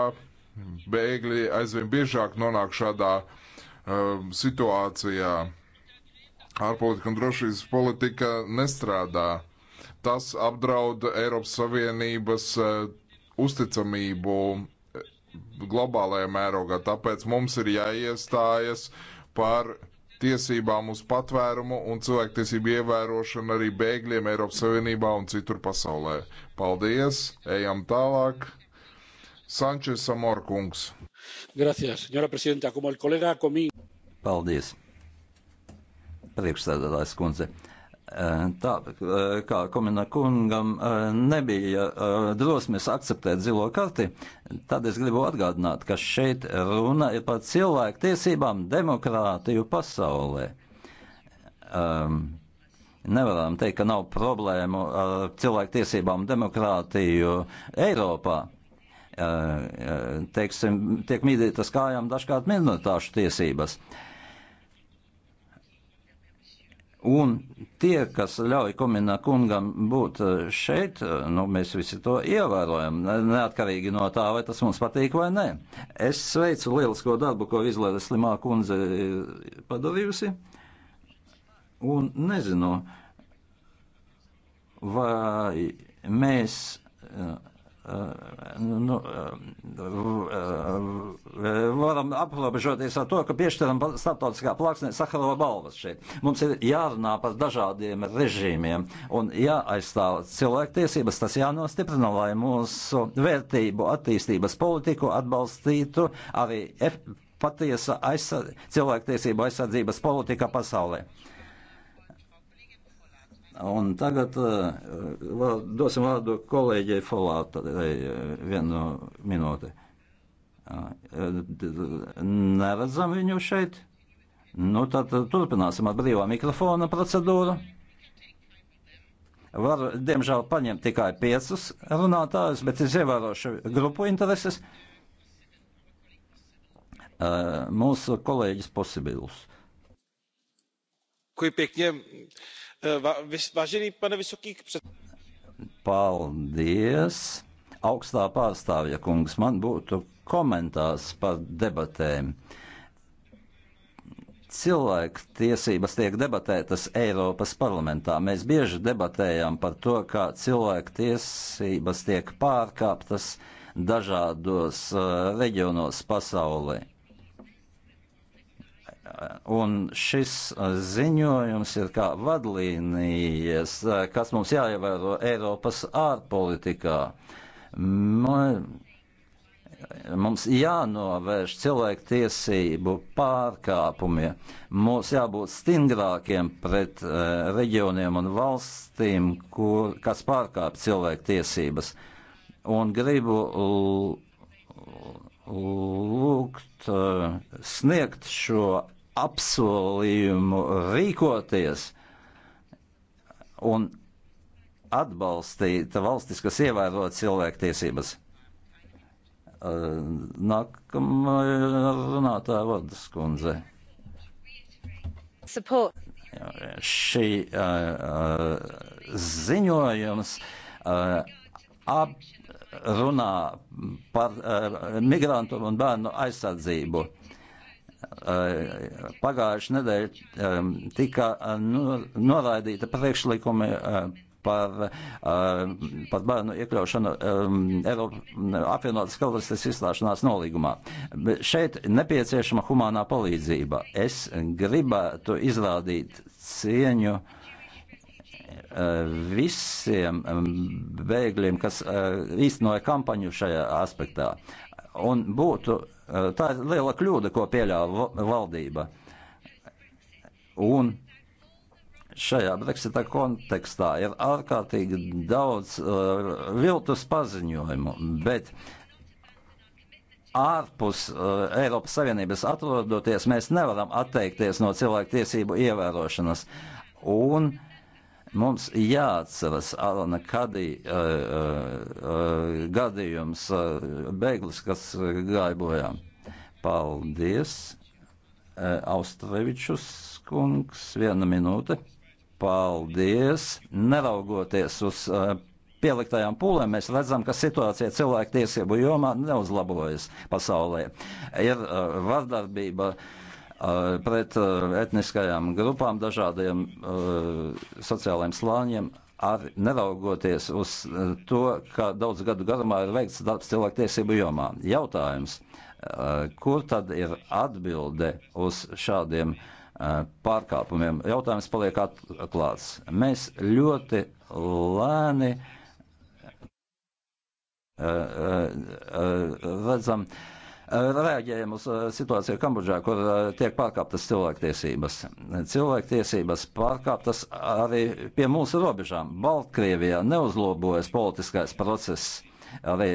bēgļi aizvien biežāk nonāk šādā um, situācijā. Ārpolitika un drošības politika nestrādā. Tas apdraud Eiropas Savienības uh, uzticamību globālajā mērogā. Tāpēc mums ir jāiestājas par tiesībām uz patvērumu un cilvēktiesību ievērošanu arī bēgļiem Eiropas Savienībā un citur pasaulē. Paldies! Ejam tālāk! Sančes Amorkungs. Gracias, señora presidenta. Como el colega Comín. Paldies. Priekšsēdētājs kundze. Uh, Eh, tā eh, kā Komina kungam eh, nebija drosmes akceptēt zilo karti, tad es gribu atgādināt, ka šeit runa ir par cilvēku tiesībām demokrātiju pasaulē. Um, nevaram teikt, ka nav problēmu ar cilvēku tiesībām demokrātiju Eiropā. Uh, teiksim, tiek mīdītas kājām dažkārt minoritāšu tiesības. Uh, Un tie, kas ļauj Kumina kungam būt e, šeit, e, nu, mēs visi to ievērojam, neatkarīgi no tā, vai tas mums patīk vai nē. Es sveicu lielisko darbu, ko izlaida Slimā kundze e, padarījusi, un nezinu, vai mēs Nu, nu eh, varam aprobežoties ar to, ka piešķiram starptautiskā plāksnē Sakarova balvas šeit. Mums ir jārunā par dažādiem režīmiem un jāaizstāv cilvēktiesības, tas jānostiprina, lai mūsu vērtību attīstības politiku atbalstītu arī patiesa aizsardz, cilvēktiesību aizsardzības politika pasaulē. Uh, Un tagad eh, vēl dosim vārdu kolēģei Falātai eh, vienu minūti. Ah, eh, neredzam viņu šeit. Nu, tad turpināsim ar brīvā mikrofona procedūru. Var, diemžēl, paņemt tikai piecus runātājus, bet es ievērošu grupu intereses. Mūsu kolēģis Posibils. Kui piekņem Eh, Važenī, pane vysokī, Paldies! Augstā pārstāvja kungs, man būtu komentārs par debatēm cilvēku tiesības tiek debatētas Eiropas parlamentā. Mēs bieži debatējam par to, kā cilvēku tiesības tiek pārkāptas dažādos uh, reģionos pasaulē. Un šis uh, ziņojums ir kā vadlīnijas, uh, kas mums jāievēro Eiropas ārpolitikā. Mums jānovērš cilvēktiesību pārkāpumi, mums jābūt stingrākiem pret uh, reģioniem un valstīm, kur, kas pārkāp cilvēktiesības. Un gribu lūgt uh, sniegt šo apsolījumu rīkoties un atbalstīt valstis, kas ievēro cilvēktiesības. Nākamā runātāja Vardas kundze. Support. Šī uh, ziņojums uh, ap, runā par uh, migrantu un bērnu aizsardzību. Eh, pagājuši nedēļa eh, tika eh, noraidīta priekšlikumi par, par bērnu iekļaušanu apvienotas karalistes izstāšanās nolīgumā. Šeit nepieciešama humānā palīdzība. Es gribētu izrādīt cieņu visiem bēgļiem, kas īstenoja kampaņu šajā aspektā. Un būtu, eh, tā ir liela kļūda, ko pieļāva valdība. Un šajā Brexita kontekstā ir ārkārtīgi daudz uh, viltus paziņojumu, bet ārpus uh, Eiropas Savienības atrodoties, mēs nevaram atteikties no cilvēku tiesību ievērošanas. Un uh, Mums jāatceras Alana Kadī uh, uh, gadījums, uh, bēglis, kas gāja bojā. Paldies, uh, Austrevičus kungs, viena minūte. Paldies, neraugoties uz uh, pieliktajām pūlēm mēs redzam, ka situācija cilvēku tiesību jomā neuzlabojas pasaulē. Ir uh, vardarbība, Uh, pret uh, etniskajām grupām, dažādiem uh, sociālajiem slāņiem, ar neraugoties uz to, ka daudz gadu garumā ir veikts darbs cilvēktiesību jomā. Jautājums, kur tad ir atbilde uz šādiem pārkāpumiem? Jautājums paliek atklāts. Mēs ļoti lēni redzam, uh, reaģējam uz situāciju Kambodžā, kur tiek pārkāptas cilvēktiesības. Cilvēktiesības pārkāptas arī pie mūsu robežām. Baltkrievijā neuzlobojas politiskais process, arī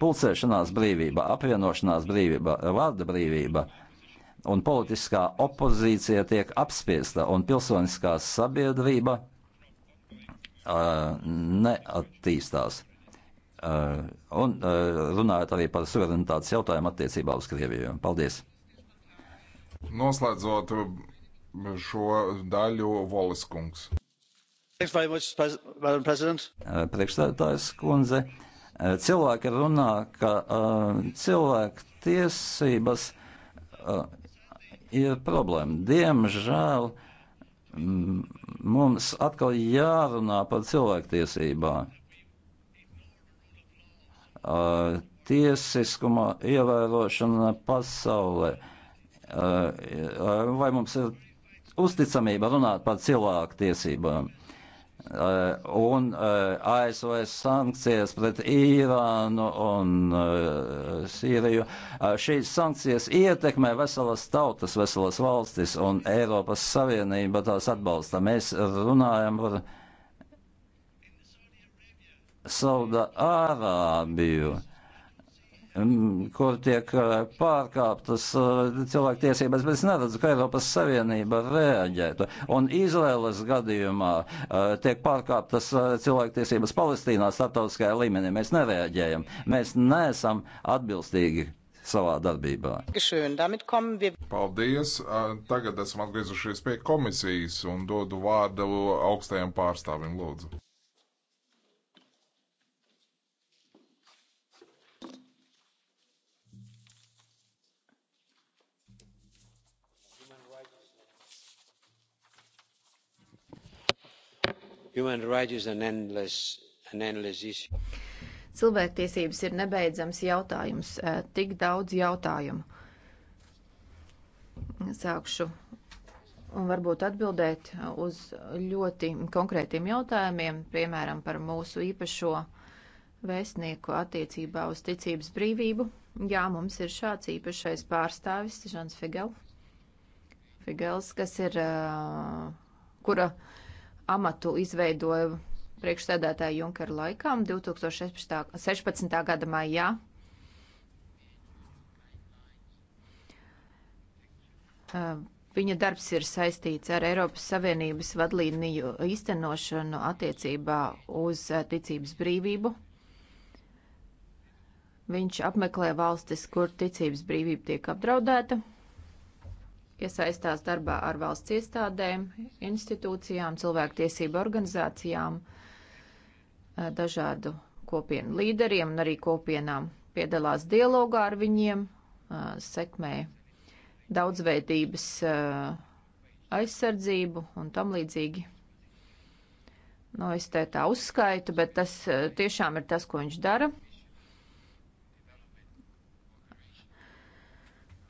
pulcēšanās brīvība, apvienošanās brīvība, vārda brīvība. Un politiskā opozīcija tiek apspiesta, un pilsoniskā sabiedrība uh, neattīstās. Uh, Uh, un uh, runājot arī par suverenitātes jautājumu attiecībā uz Krieviju. Paldies! Noslēdzot šo daļu, Volis kungs. Uh, Priekšstādātājs kundze, cilvēki runā, ka uh, cilvēku tiesības uh, ir problēma. Diemžēl mm, mums atkal jārunā par cilvēktiesībām uh, tiesiskuma ievērošana pasaulē. Uh, uh, vai mums ir uzticamība runāt par cilvēku tiesībām? Uh, un uh, ASV sankcijas pret Irānu un uh, Sīriju. Uh, šīs sankcijas ietekmē veselas tautas, veselas valstis un Eiropas Savienība tās atbalsta. Mēs runājam par Sauda Ārābiju mm, kur tiek eh, pārkāptas eh, cilvēktiesības, bet es neredzu, ka Eiropas Savienība reaģētu. Un Izraēlas gadījumā eh, tiek pārkāptas cilvēktiesības Palestīnā starptautiskajā līmenī. Mēs nereaģējam, mēs neesam atbilstīgi savā darbībā. Paldies! Tagad esam atgriezušies pie komisijas un dodu vārdu augstajam pārstāvim, lūdzu. Cilvēktiesības ir nebeidzams jautājums, tik daudz jautājumu. Sākšu un varbūt atbildēt uz ļoti konkrētiem jautājumiem, piemēram, par mūsu īpašo vēstnieku attiecībā uz ticības brīvību. Jā, mums ir šāds īpašais pārstāvis, Žans Figel. Figels, kas ir, kura amatu izveidoja priekšsēdētāja Junkera laikām 2016. gada maijā. Uh, viņa darbs ir saistīts ar Eiropas Savienības vadlīniju īstenošanu attiecībā uz uh, ticības brīvību. Viņš apmeklē valstis, kur ticības brīvība tiek apdraudēta iesaistās darbā ar valsts iestādēm, institūcijām, cilvēktiesību organizācijām, dažādu kopienu līderiem un arī kopienām. Piedalās dialogā ar viņiem, sekmē daudzveidības aizsardzību un tam līdzīgi. Nu, es te tā uzskaitu, bet tas tiešām ir tas, ko viņš dara.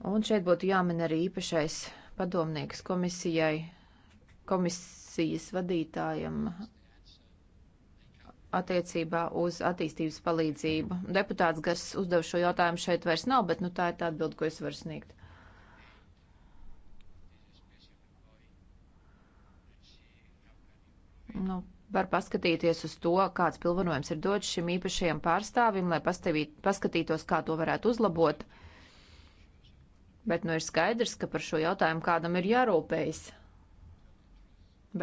Un šeit būtu jāmin arī īpašais padomnieks komisijai, komisijas vadītājam attiecībā uz attīstības palīdzību. Deputāts, kas uzdev šo jautājumu, šeit vairs nav, bet nu, tā ir tā atbilde, ko es varu sniegt. Nu, var paskatīties uz to, kāds pilvanojums ir dots šim īpašajam pārstāvim, lai pastāvīt, paskatītos, kā to varētu uzlabot. Uh, Bet nu ir skaidrs, ka par šo jautājumu kādam ir jārūpējas.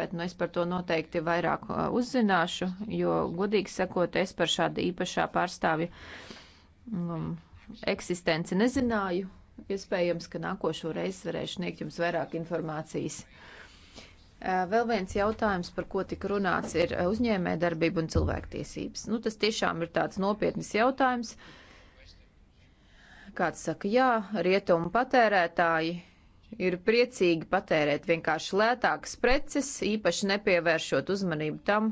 Bet nu es par to noteikti vairāk uh, uzzināšu, jo godīgi sakot, es par šādu īpašā pārstāvju um, eksistenci nezināju. Iespējams, ka nākošo reizi varēšu sniegt jums vairāk informācijas. Uh, vēl viens jautājums, par ko tika runāts, ir uh, uzņēmē darbība un cilvēktiesības. Nu, tas tiešām ir tāds nopietnis jautājums. Uh, Kāds saka, jā, rietumu patērētāji ir priecīgi patērēt vienkārši lētākas preces, īpaši nepievēršot uzmanību tam,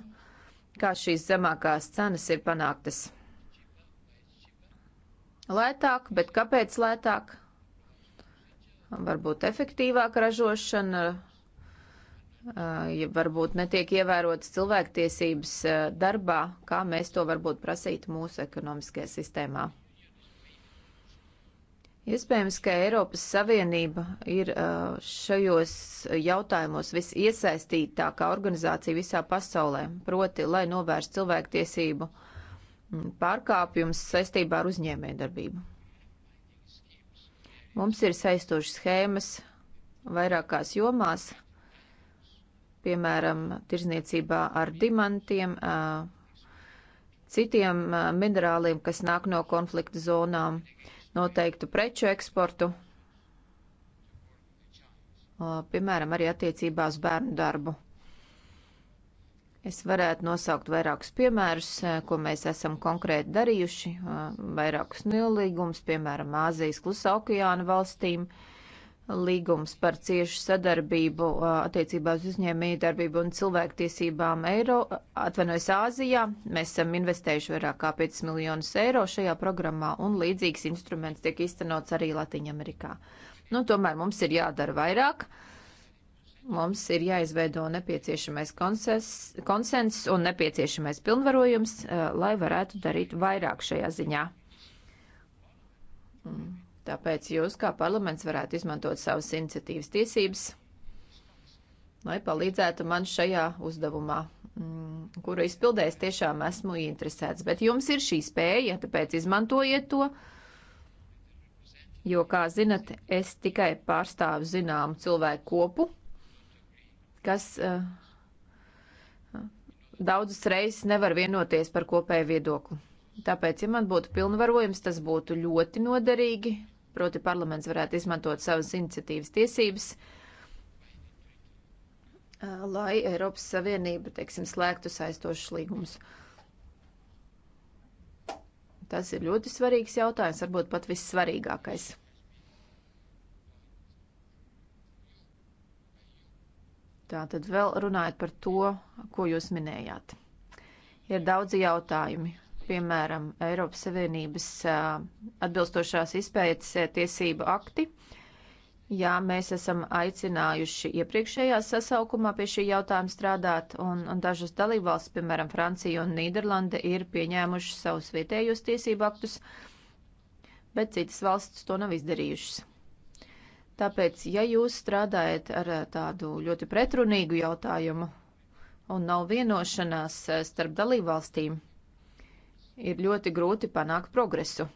kā šīs zemākās cenas ir panāktas. Lētāk, bet kāpēc lētāk? Varbūt efektīvāk ražošana, ja varbūt netiek ievērotas cilvēktiesības darbā, kā mēs to varbūt prasītu mūsu ekonomiskajā sistēmā. Iespējams, ka Eiropas Savienība ir uh, šajos jautājumos visiesaistītākā organizācija visā pasaulē, proti, lai novērstu cilvēktiesību mm, pārkāpjums saistībā ar uzņēmējdarbību. Mums ir saistošas schēmas vairākās jomās, piemēram, tirzniecībā ar dimantiem, uh, citiem uh, minerāliem, kas nāk no konflikta zonām noteiktu preču eksportu, piemēram, arī attiecībā uz bērnu darbu. Es varētu nosaukt vairākus piemērus, ko mēs esam konkrēti darījuši, vairākus nolīgumus, piemēram, Āzijas klusā okeāna valstīm. Uh, līgums par ciešu sadarbību uh, attiecībā uz uzņēmēju darbību un cilvēktiesībām eiro, atvainojas Āzijā. Mēs esam investējuši vairāk kā 5 miljonus eiro šajā programmā un līdzīgs instruments tiek iztenots arī Latviņamerikā. Nu, tomēr mums ir jādara vairāk. Mums ir jāizveido nepieciešamais konsens un nepieciešamais pilnvarojums, uh, lai varētu darīt vairāk šajā ziņā. Mm. Tāpēc jūs kā parlaments varētu izmantot savas iniciatīvas tiesības, lai palīdzētu man šajā uzdevumā, mm, kuru izpildēs tiešām esmu interesēts. Bet jums ir šī spēja, tāpēc izmantojiet to, jo, kā zinat, es tikai pārstāvu zināmu cilvēku kopu, kas uh, daudzas reizes nevar vienoties par kopēju viedokli. Tāpēc, ja man būtu pilnvarojums, tas būtu ļoti noderīgi, proti parlaments varētu izmantot savas iniciatīvas tiesības, lai Eiropas Savienība, teiksim, slēgtu saistošus līgumus. Tas ir ļoti svarīgs jautājums, varbūt pat vissvarīgākais. Tātad vēl runājot par to, ko jūs minējāt. Ir daudzi jautājumi, piemēram, Eiropas Savienības atbilstošās izpētes tiesību akti. Jā, mēs esam aicinājuši iepriekšējā sasaukumā pie šī jautājuma strādāt, un, un dažas dalībvalstis, piemēram, Francija un Nīderlanda, ir pieņēmuši savus vietējos tiesību aktus, bet citas valstis to nav izdarījušas. Tāpēc, ja jūs strādājat ar tādu ļoti pretrunīgu jautājumu un nav vienošanās starp dalībvalstīm, ir ļoti grūti panākt progresu.